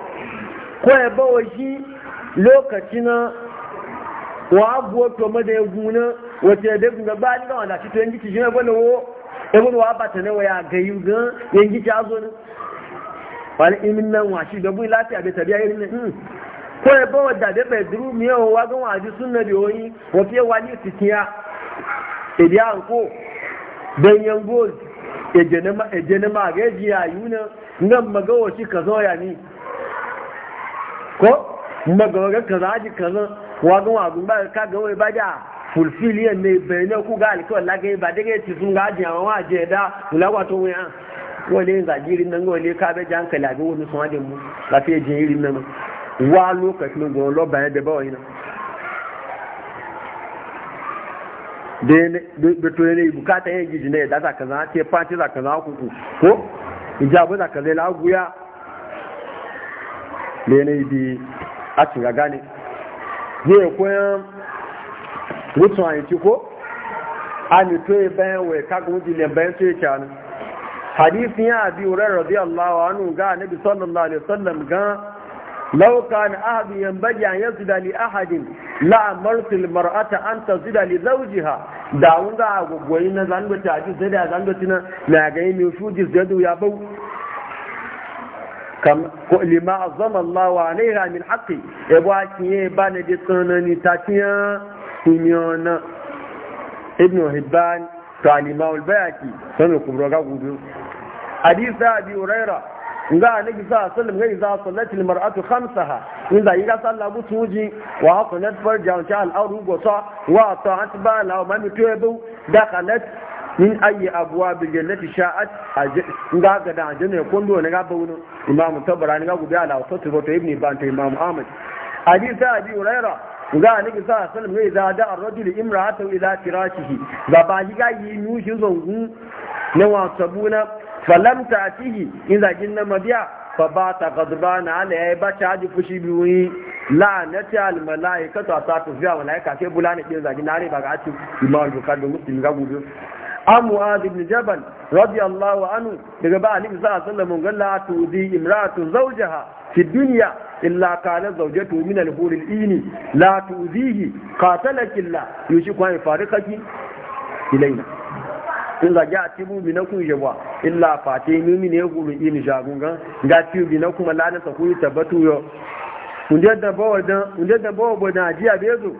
ko ya ba wa shi lokaci na wa abuwa to mada ya guna wata da dagun ba ni ga wanda shi to yanki shi ne bane wo ebun wa ba wa ya gayu ga yanki ta zo ne wani imin nan washi da bui lafiya bai tabiya irin nan hmm. ko ya bawa da da bai duru mi yawa wagan waji sunna da yoyi wa fiye wani tikiya idiya e anko dan yango ejene ma ejene ma ga ji ayuna nan maga washi kazo ya ni ko maga ga kaza ji kaza wagan wagun ba ka ga wai ba da fulfill ne bai ne ku ga alƙawari la ga ba daga ci sun ga ji awon aje da kula wato wuya wale zagirin nan wale ka bai ji hankali abin wani sun mu lafiya jin irin nan wa lokacin gwanon lobba ya daba wani da to ne bukata yin giji ne da zaka za ce fati zaka za kuku ko ijabu da bi ko e bayan hadisin ya abi wurin radiyallahu anhu ga annabi sallallahu alaihi wasallam ga na kana yan yanbaghi an yazida li ahadin la amartu al mar'ata an tazida li zawjiha da wun ga gogoyi na zango ta ji zai da zango tina na ga mai shuji zadu ya bau kam ko lima azama Allah wa alaiha min haqqi e ba kiye ba ne de tsanani ta tiya kunyona ibn hibban to al imam al bayaki sanu kubra ga gudu hadisa abi uraira nga annabi sa sallam ga iza sallatil mar'atu khamsaha in za yiga sallah bu tuji wa hasanat farja ta al aru gota wa ta'at ba la ma mi tubu dakhalat min ayi abuwa bi jannati sha'at nga ga da janne kondo ne ga bawo imam ne ga gubi ala wasu to ibn ban to imam ahmad hadisa abi uraira ga annabi sa sallam ga iza da ar-rajul imra'atu ila firashihi ga ba yiga yi nushi zongu na wasabuna falam ta tihi in zagin na mabiya fa ba ta gadba na ala ya yi ba ta haji fushi biyu yi ta al malaika ta ta tafiya malaika sai bulani din zagi na ne ba ga imam bukari da muslim ga gobe Amu a ibn jabal radiyallahu anhu daga ba a sallallahu alaihi wasallam galla tuzi imratu zawjaha fi dunya illa kana zawjatu min al-hur ini la tuzihi qatalaki la yushi kwa farikaki ilaina in za a tibu bi na ku je ba illa fate mimi ne gulu in jagun ga ga tibu bi na kuma lana ta ku tabbatu yo unde da bawa da unde da bawa bo na jiya be zo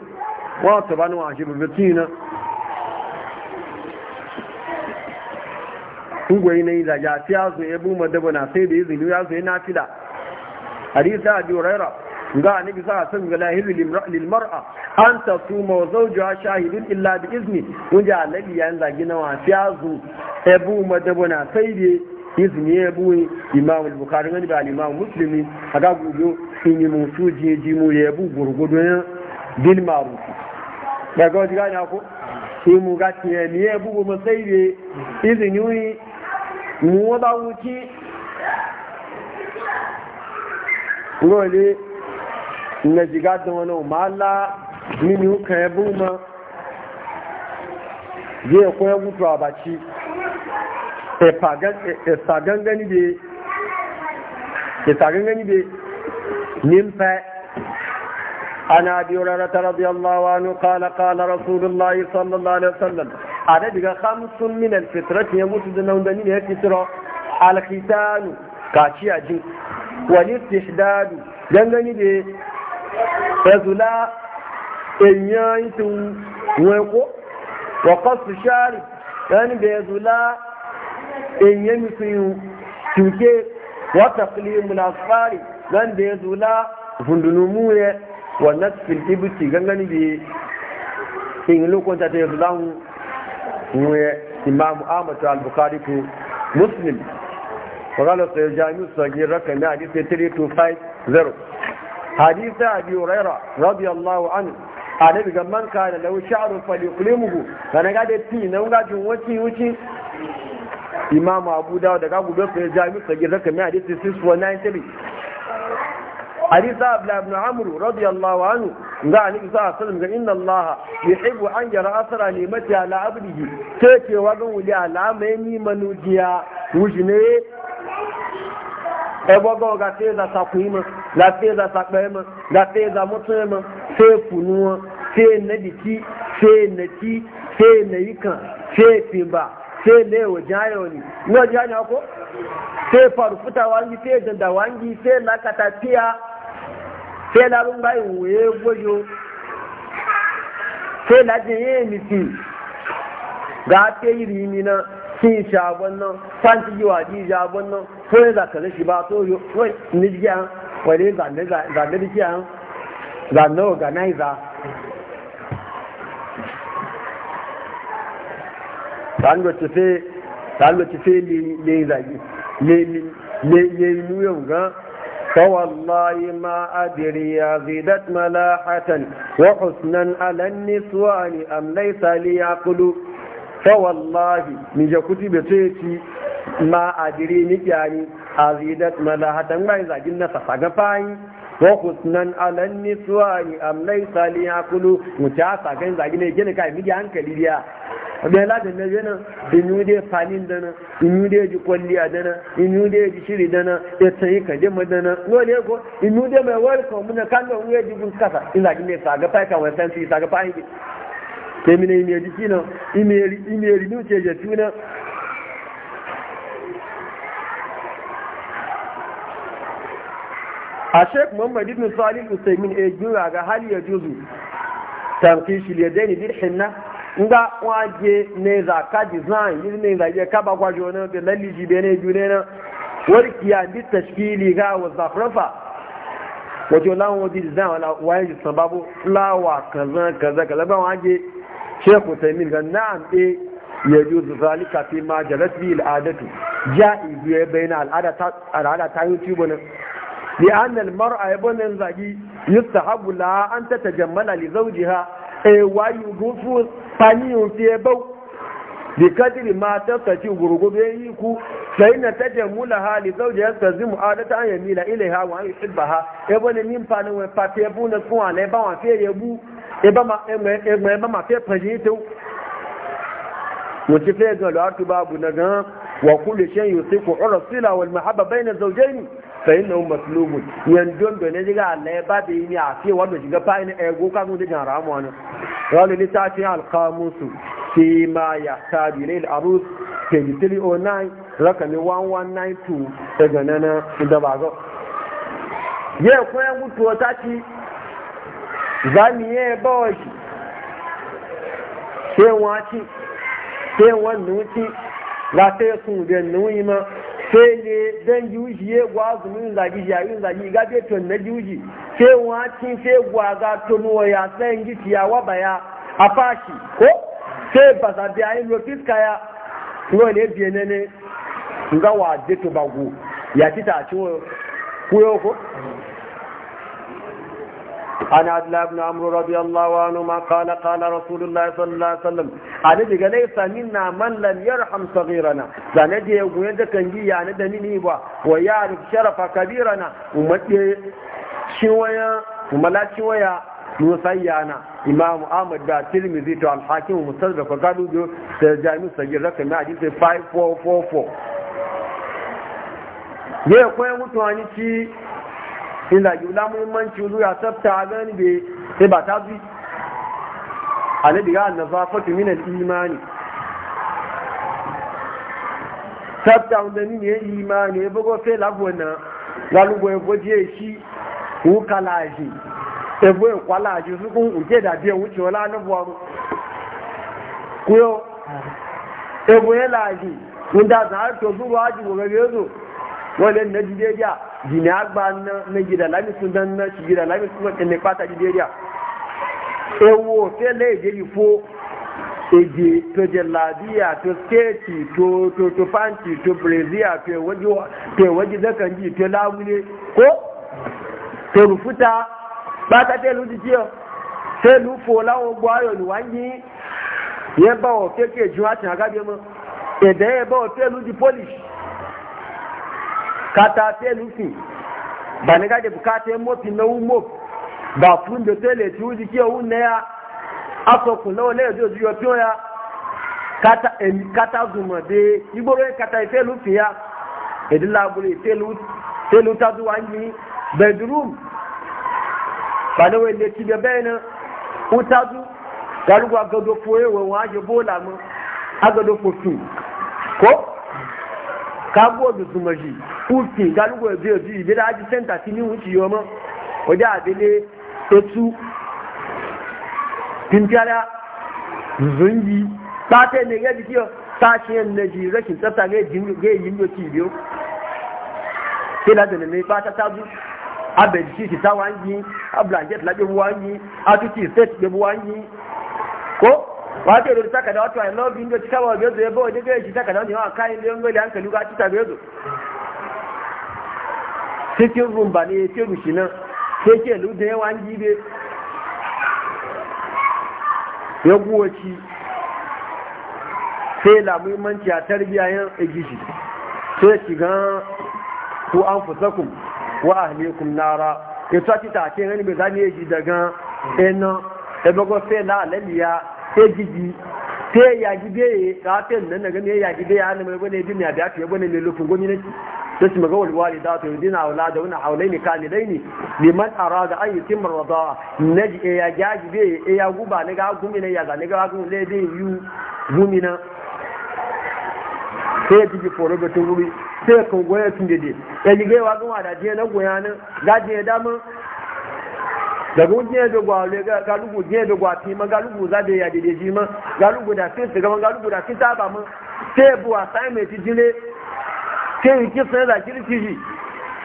wa to banu a shi bi tina ungwai ne za ya tiya zo ebu madaba na sai da izini ya zo e na fida hadisi abi hurairah ga annabi sa san ga lahiru lil mar'a an ta suma wa zawjuha shahidun illa bi izni wanda annabi ya zagi na wafiyazu ebu madabuna sai dai izini ya bu imam al-bukhari wani ba imam muslimi aga gudu in yi musu jeji mu ya bu gurgudu bil ma'ruf da ga wani gani ko shi mu ga tiye ni ya bu mu sai dai izini mu da wuci Ngole na jiga da wani umarla mini hukun ya buma zai kwaya mutu a baci efagangani e, e e be nimfe ana biyu rarata radiyallawa ne kala kala rasulullahi sallallahu alaihi wasallam a da diga hamsin minal fitratin ya mutu da naudani ne ya fitro alkhitanu kaciyajin wani tishdadu gangani be ẹ̀sùlá èèyàn ìtù wọn kó wọ̀kọ́ sùsáàrì ẹni bẹ̀ èèyàn ìtù tùké wọ́tàkìlì mùnàfàárì ẹni bẹ̀ ẹ̀sùlá fùndùnúmú yẹ náà fìlìtìbìtì gangan bí èèyàn ló kọjá tẹ̀ ẹ̀sùlá wọn yẹ imam ahmad al-bukhari ko muslim وقال الجامع الصغير رقم حديث 3250 hadisa Abdi Hurera rabilala'u annu adai daga man kada na yau shaharar fulifilimu da na gada ya ci da na kuka cin wancan ya wuce. Imam Abu-Dawar, da ka gudanar da jihar Jami'a, ta girka kama ya adi Ibn Amiru rabilala'u annu da annibin sa'a sannan ga 'Inna Allaha, Bihi! An gyara asarar ne, mata ya laɓa ni! Kekewa ban wuli alamaini ma nujiya, hushine! ẹgbọ́gbọ́ ga sai za sakun yi ma ga sai za sakpa yi ma ga se za mutu yi ma sai funuwa sai na biki sai na ki sai na yi kan sai fimba sai na yi wajen ne ni wajen ko sai faru futa wangi sai danda wangi sai lakata se sai larun bayin waye gwajo sai lajin yi miti ga ta yi rimina kin shabon nan kwanci yi wa ji shabon nan ko ya zaka zai ba to yi nijiya kwale zane nijiya zane organiza sanwace fe ne zage ne ya yi nuyon ga kawallahi ma adiri ya zidat malahatan wa husnan alan niswani am laisa liya kulu kawallahi mijakuti bai ya ci ma adiri ma azidat hatan mai zagin nasa saga fayi ko kusnan alan amlai sali laysa li yaqulu muta sagan zagi ne gina kai miji hankali biya da la da ne yana inu da fanin dana yi da ji kwalliya dana yi da ji shiri dana ya tsayi ka je dana, no ne ko yi da mai welcome mun kan da wuya ji gun kasa ina gine saga fayi san wasan si saga fayi ke mine ne ji kino imeri imeri nu ce je tuna a sheik muhammad ibn salih usaimin e eh, jura ga hali ya juzu tankishi ya ni bil hinna nga waje ne za ka design ne za ya kaba kwajo na be laliji be ne jure na warki ya bi tashkili ga wa zafrafa wato lawon waje design wala waje sababu lawa kaza kaza kaza ba waje sheik usaimin ga na'am e eh, ya juzu zalika fi ma jarat bi al'adatu ja'i bi bayna al'ada ta al'ada ta yutubu bi annal mar'a yabunin zagi yustahabu la an tatajammala li zawjiha eh wa yughufu fani fi bau bi kadri ma tatati gurgube yi ku sai na tajammula ha li zawjiha tazimu adata an yamila ilaiha wa an yuhibbaha yabun min fani wa fati yabuna ku ala ba wa fi yabu e ba ma e e ma ba ma fi fani to mutifai ga lati babu na gan wa kulli shay yusiku urasila wal mahabba bayna zawjayni fẹ̀yìn náà mọ̀tìlógún yẹn dondo ní ẹjẹ́ ala ní àfi wọ́n lọ jìgá báyìí ẹgbó kágun tó jàrá mọ́ ní sáàtì alkamusu tí máa yà sáàbì ní arúgbó kejì rọ́kàmí one one nine two ẹgbẹ̀ nana sai ne dan juji ye gwa zumin zagi ya yin zagi ga be ton na juji sai wa sai gwa ga tono ya sai ngiti ya wa baya afashi ko sai ba sa bi ayin rotis kaya ko ne bi ne ne nga wa de to bagu ya tita ci wo ko عن عبد الله بن عمرو رضي الله عنه ما قال قال رسول الله صلى الله عليه وسلم أنا دي ليس منا من لم يرحم صغيرنا أنا دي وين كان جي يعني با ويعرف شرف كبيرنا ومتي شويا وملا شوية نصيانا امام احمد دا تلميذ تو الحاكم hakim mustadrak wa gadu do jami'u 5444 ye koyan mutuwani ci ina yula muhimmanci zuwa tsafta gani bai sai ba ta zuwa annabi ga annazafatu min al-imani tsafta wanda ni ne imani ya bugo sai lagu wannan galugo ya goje shi wu kalaji ebo ya kwalaji su kun uke da biyan wuce wala na buwaru kuyo ebo ya laji wanda za a to zuwa aji gobe zo wale na jideriya jini agba na gida lami sun dan na shi gida lami sun wata ne kwata jideriya ewo fele eje ifo eje to jelabiya to sketi to to to fanti to brezia to waje to waje zakan ji to labule ko to rufuta ba ta te lu dijiyo te lu fo lawo gbo ayo ni wanyi ye ba o keke ju ati agabe mo ede e ba o di polish kata fe lufi ba ni gade bukata yin mofi na wumo ba fun da tele ti wuji ke wun na ya aso kun na wale yajo jiyo fiyo ya kata em kata zuma de igboro kata ife lufi ya edi labule ife lu telu ta zuwa yi bedroom ba na wele ti da bayan utazu garugu agado foye wa waje bola mu agado fofi ko kágbó òdùsùn mọ̀jì kùtì ìdálùkọ̀ èdè òdì ìgbéra ájú sẹ́ńtà sí níhùn ti yọmọ́ ọjà àdélé etu tìǹtìára zùnjì pátẹ́ ní ẹgbẹ́ dìkíọ́ sáṣẹ́ nẹ́jì rẹ́kìn sẹ́ta géèyí ń lòtì ìlú tí ládùn ní pátá sáájú abẹ̀jì sí ìtìta wá ń yí abùlàjẹ́ tìlájẹ́ wá ń yí atútì ìfẹ́ tìgbẹ́ bi ń yi, ko. wato yadda saka da wato ainihin lobin da cika wa bezo ya bawa daga shi saka da wani yawan kayan da yanzu da hankali ga cika bezo cikin rumba ne ya ce rushi nan sai ke lu da yawan gibe ya guwaci sai la muhimmanci a tarbiya yan egishi sai ki gan ku an fusakum wa ahlikum nara ya sa ta ci ta ke hannun bai zane ya ji daga ɗan nan ɗan bago sai na alaliya sai jiji sai ya ji beye ta ta nan daga ne ya ji beye an mai bane duniya da ta bane ne lufin gwamnati sai su maga walwali da ta na yudina aulada wani haulaini kalidaini liman arada an yutimma radaa naji eh, ya ji beye eh, ya guba ne ga gumina ya ga ne ga gumin le yi yu gumina sai ya ji foro ga tun wuri sai kan goya tun dede ya ji gaiwa gama da jiya na goya nan ga je dama daga wajen yadda gwale galugu jin yadda gwafi ma galugu za da ya dede ji ma galugu da fin su gaban galugu da fin taba ma sai buwa sai mai ti jire yi da kirki ji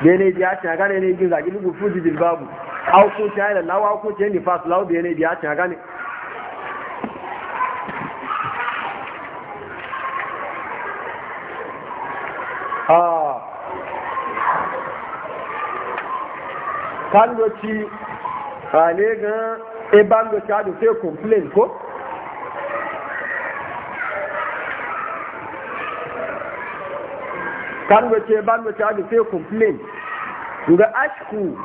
da ne biya cin gane ne gin zagi lugu babu au ko ta yana lawa ko ta yana fasu lawa da ne biya cin ne. ah kan ale gan e ba lo ti adu complain ko kan lo ti e ba lo ti adu fe complain ga ashku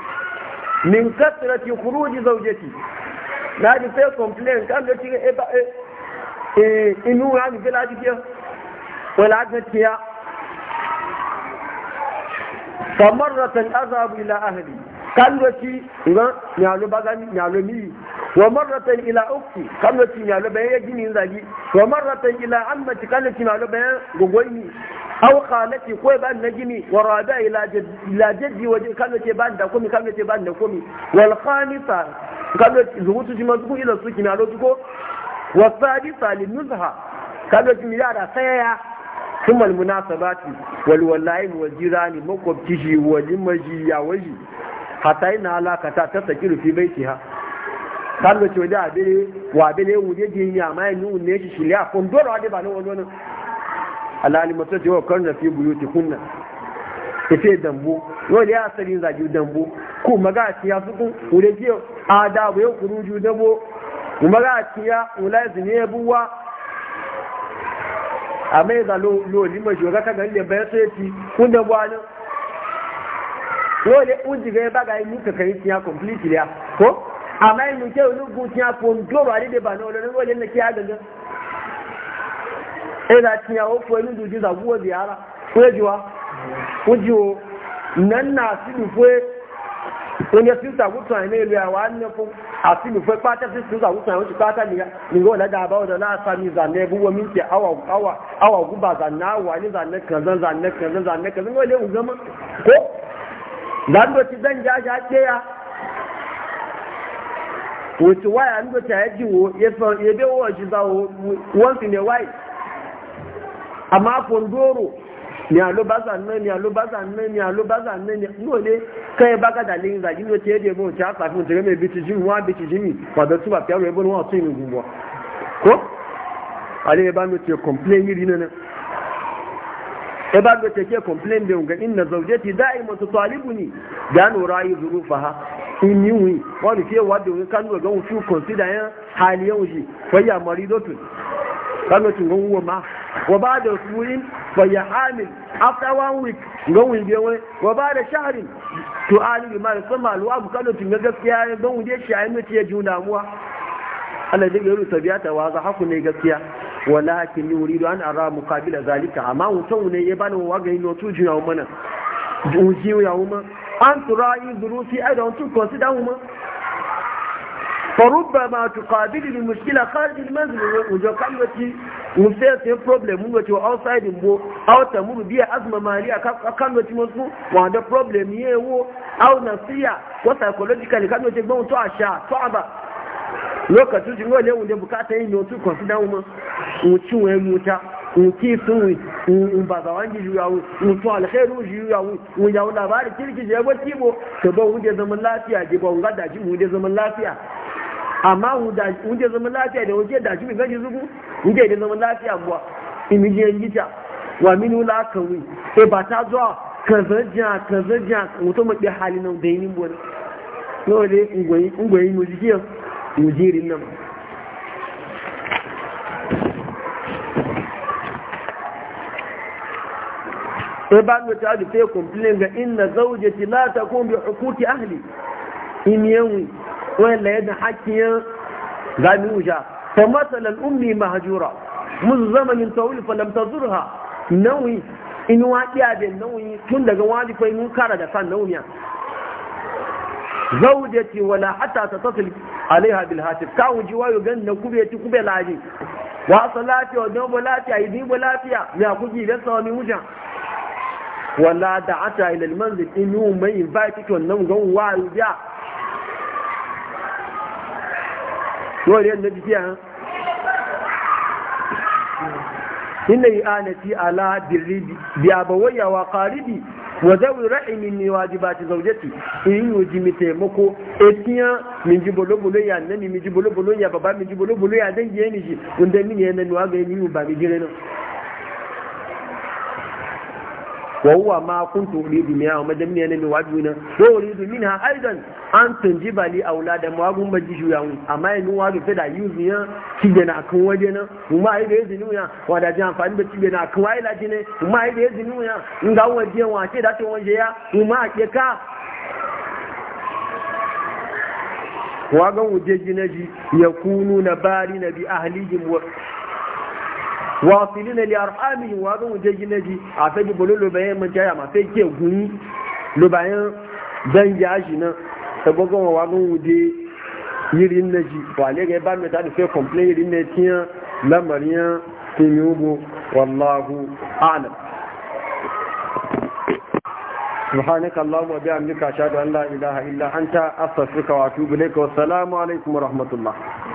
min kasrati khuruji zawjati na di fe complain kan lo ti e ba e inu ra ni fe la ti ke wala ga tiya فمرة أذهب إلى أهلي kandoci ngan nyalo bagani nyalo mi wa marratan ila ukti kandoci nyalo bayan ya gini zagi wa marratan ila ammati kandoci nyalo bayan gogoyi aw khalati ko ban na gini wa rada ila ila jaddi wa kandoci ban da komi kandoci ban da komi wal khamisa kandoci zuwutu jima zuku ila suki nyalo zuko wa sadisa lin nuzha kandoci miyara sayaya ثم المناسبات والولائم والجيران مكوب تشي والمجي يا وجي hata ina alakata ta saki rufi bai baiti ha kan da cewa da wa abele wuje ji ya ma yin ne shi shiliya kun dora wa ba ne wani wani alali mutum ce wa karna fi buyuti kunna ife dambu yau da ya asalin zagi dambu ku maga ya su kun wuje ji adabu kuru ju dabo maga ya wula zine buwa a mai zalo loli mai shugaba kan ganin da bayan sai ci kun da buwa wole unjiga baga yi muka kai tiya completely ya ko amma yi muke wani gutiya ko ndoro ali de ne o ziyara fún àti ìlúfẹ́ pátá sí sísà wùtàn ẹ̀wọ̀n ti pátá ti àwọ̀ gúbà zànà àwọ̀ ní zànà kànzán zandoci ti ja shi haƙe ya wuce waya ndo ta ya jiwo ya ji shi zawo wansu ne waye amma fondoro ni alobasa nne ni alobasa nne ni alobasa nne ni no le kan e baga da le nza ji no te de bo cha sa fun tere me bi ti ji wa bi ti ji pa do tu ba ko ale ba no complain sai ba da take complain da ga inna zawjati da'ima tutalibuni da no rayi zurufaha in yi wi wani ke wadda wani kan ga wani su consider yan haliyan wuji fayya maridotun kan tun gon wa ma wa ba da suyin fayya hamil after one week gon wi be wani wa ba da shaharin to ali ma sama abu kan tun ga gaskiya gon wi je shi ayi ya juna muwa Allah zai yi rusa biya ta wa za haku ne gaskiya walakin ni uridu an ara muqabila zalika amma mutum ne ya bani wa ino ya mana uji ya uma an tura yi durusi i don't to consider uma فربما تقابل المشكله خارج المنزل وجوكالتي وسيت problem mu wato outside mbo aw tamuru biya azma maliya kan wato mu wa da problem yewo aw nasiya ko psychologically kan gbon to asha to aba lokacin jin wale wunde bukata yin yotu kwasu dan mu mutu wai muta mutu sun un ba za wangi juya wu mutu alkhairu juya wu mu ya wala bari kirki je ba tibo to ba wunde zaman lafiya je ba wunga daji mu wunde zaman lafiya amma wunde zaman lafiya da wunde daji mu gaji zugu wunde da zaman lafiya buwa imijiyan gita wa minu la kawai e ba ta zuwa kazaja kazaja mutum da halin nan da yinin bone dole ungwayi ungwayi mu jiya yujirin nan sai ba mu ta sai ga inna zawjati la takun bi huquqi ahli in yawi wala yadda hakkiyan gami wuja fa masalan ummi mahajura. mun zamanin tawil fa zurha tazurha nawi in wadiya da nawi tun daga wani fa kara da san nauyi. zaujati wala hatta tattasil alaiha bil hatif ka wuji wayo gan na kube ti kube laji wa salati wa dan lafiya idin bo lafiya ya kuji da sawani wujan wala da'ata ila al manzil in mai invite to nan gan wayo ya dole ne biya inna anati ala dirri bi abawaya wa qaribi wa zawi ra'imi ni wajibati zawjati in yuji mi taimako etiya min ji bolo ya nan mi ji bolo ya baba mi ji bolo ya dan je ni ji unda min ya nan wa ba mi jire nan wa huwa ma kuntu an tunji bali a wula da magun ba jishu ya hun amma yanzu wa ga da yi ya cibe na kan waje na kuma yi da yazinu ya wa da jan amfani da cibe na akan waye lati ne kuma yi da yazinu ya in ga waje wa ce da ta waje ya kuma a ke ka wa ga na ji ya kunu na bari na bi ahlihim wa Wasu li Amin wa ga waje ji a ta ji bololo bayan mun jaya ma sai ke guni lobayen zan dan jashi nan ẹgbọ́gbọ́n wa ló ń wude yìrì ń lẹ́jì wà lẹ́gẹ̀ẹ́ bá mi tàbí fẹ́ kọ̀m̀plẹ́ yìrì ń lẹ́ tiẹ́ lámàríyàn tèmi ugu wàláhu àná. سبحانك اللهم وبحمدك اشهد ان لا اله الا انت استغفرك واتوب اليك والسلام عليكم ورحمه الله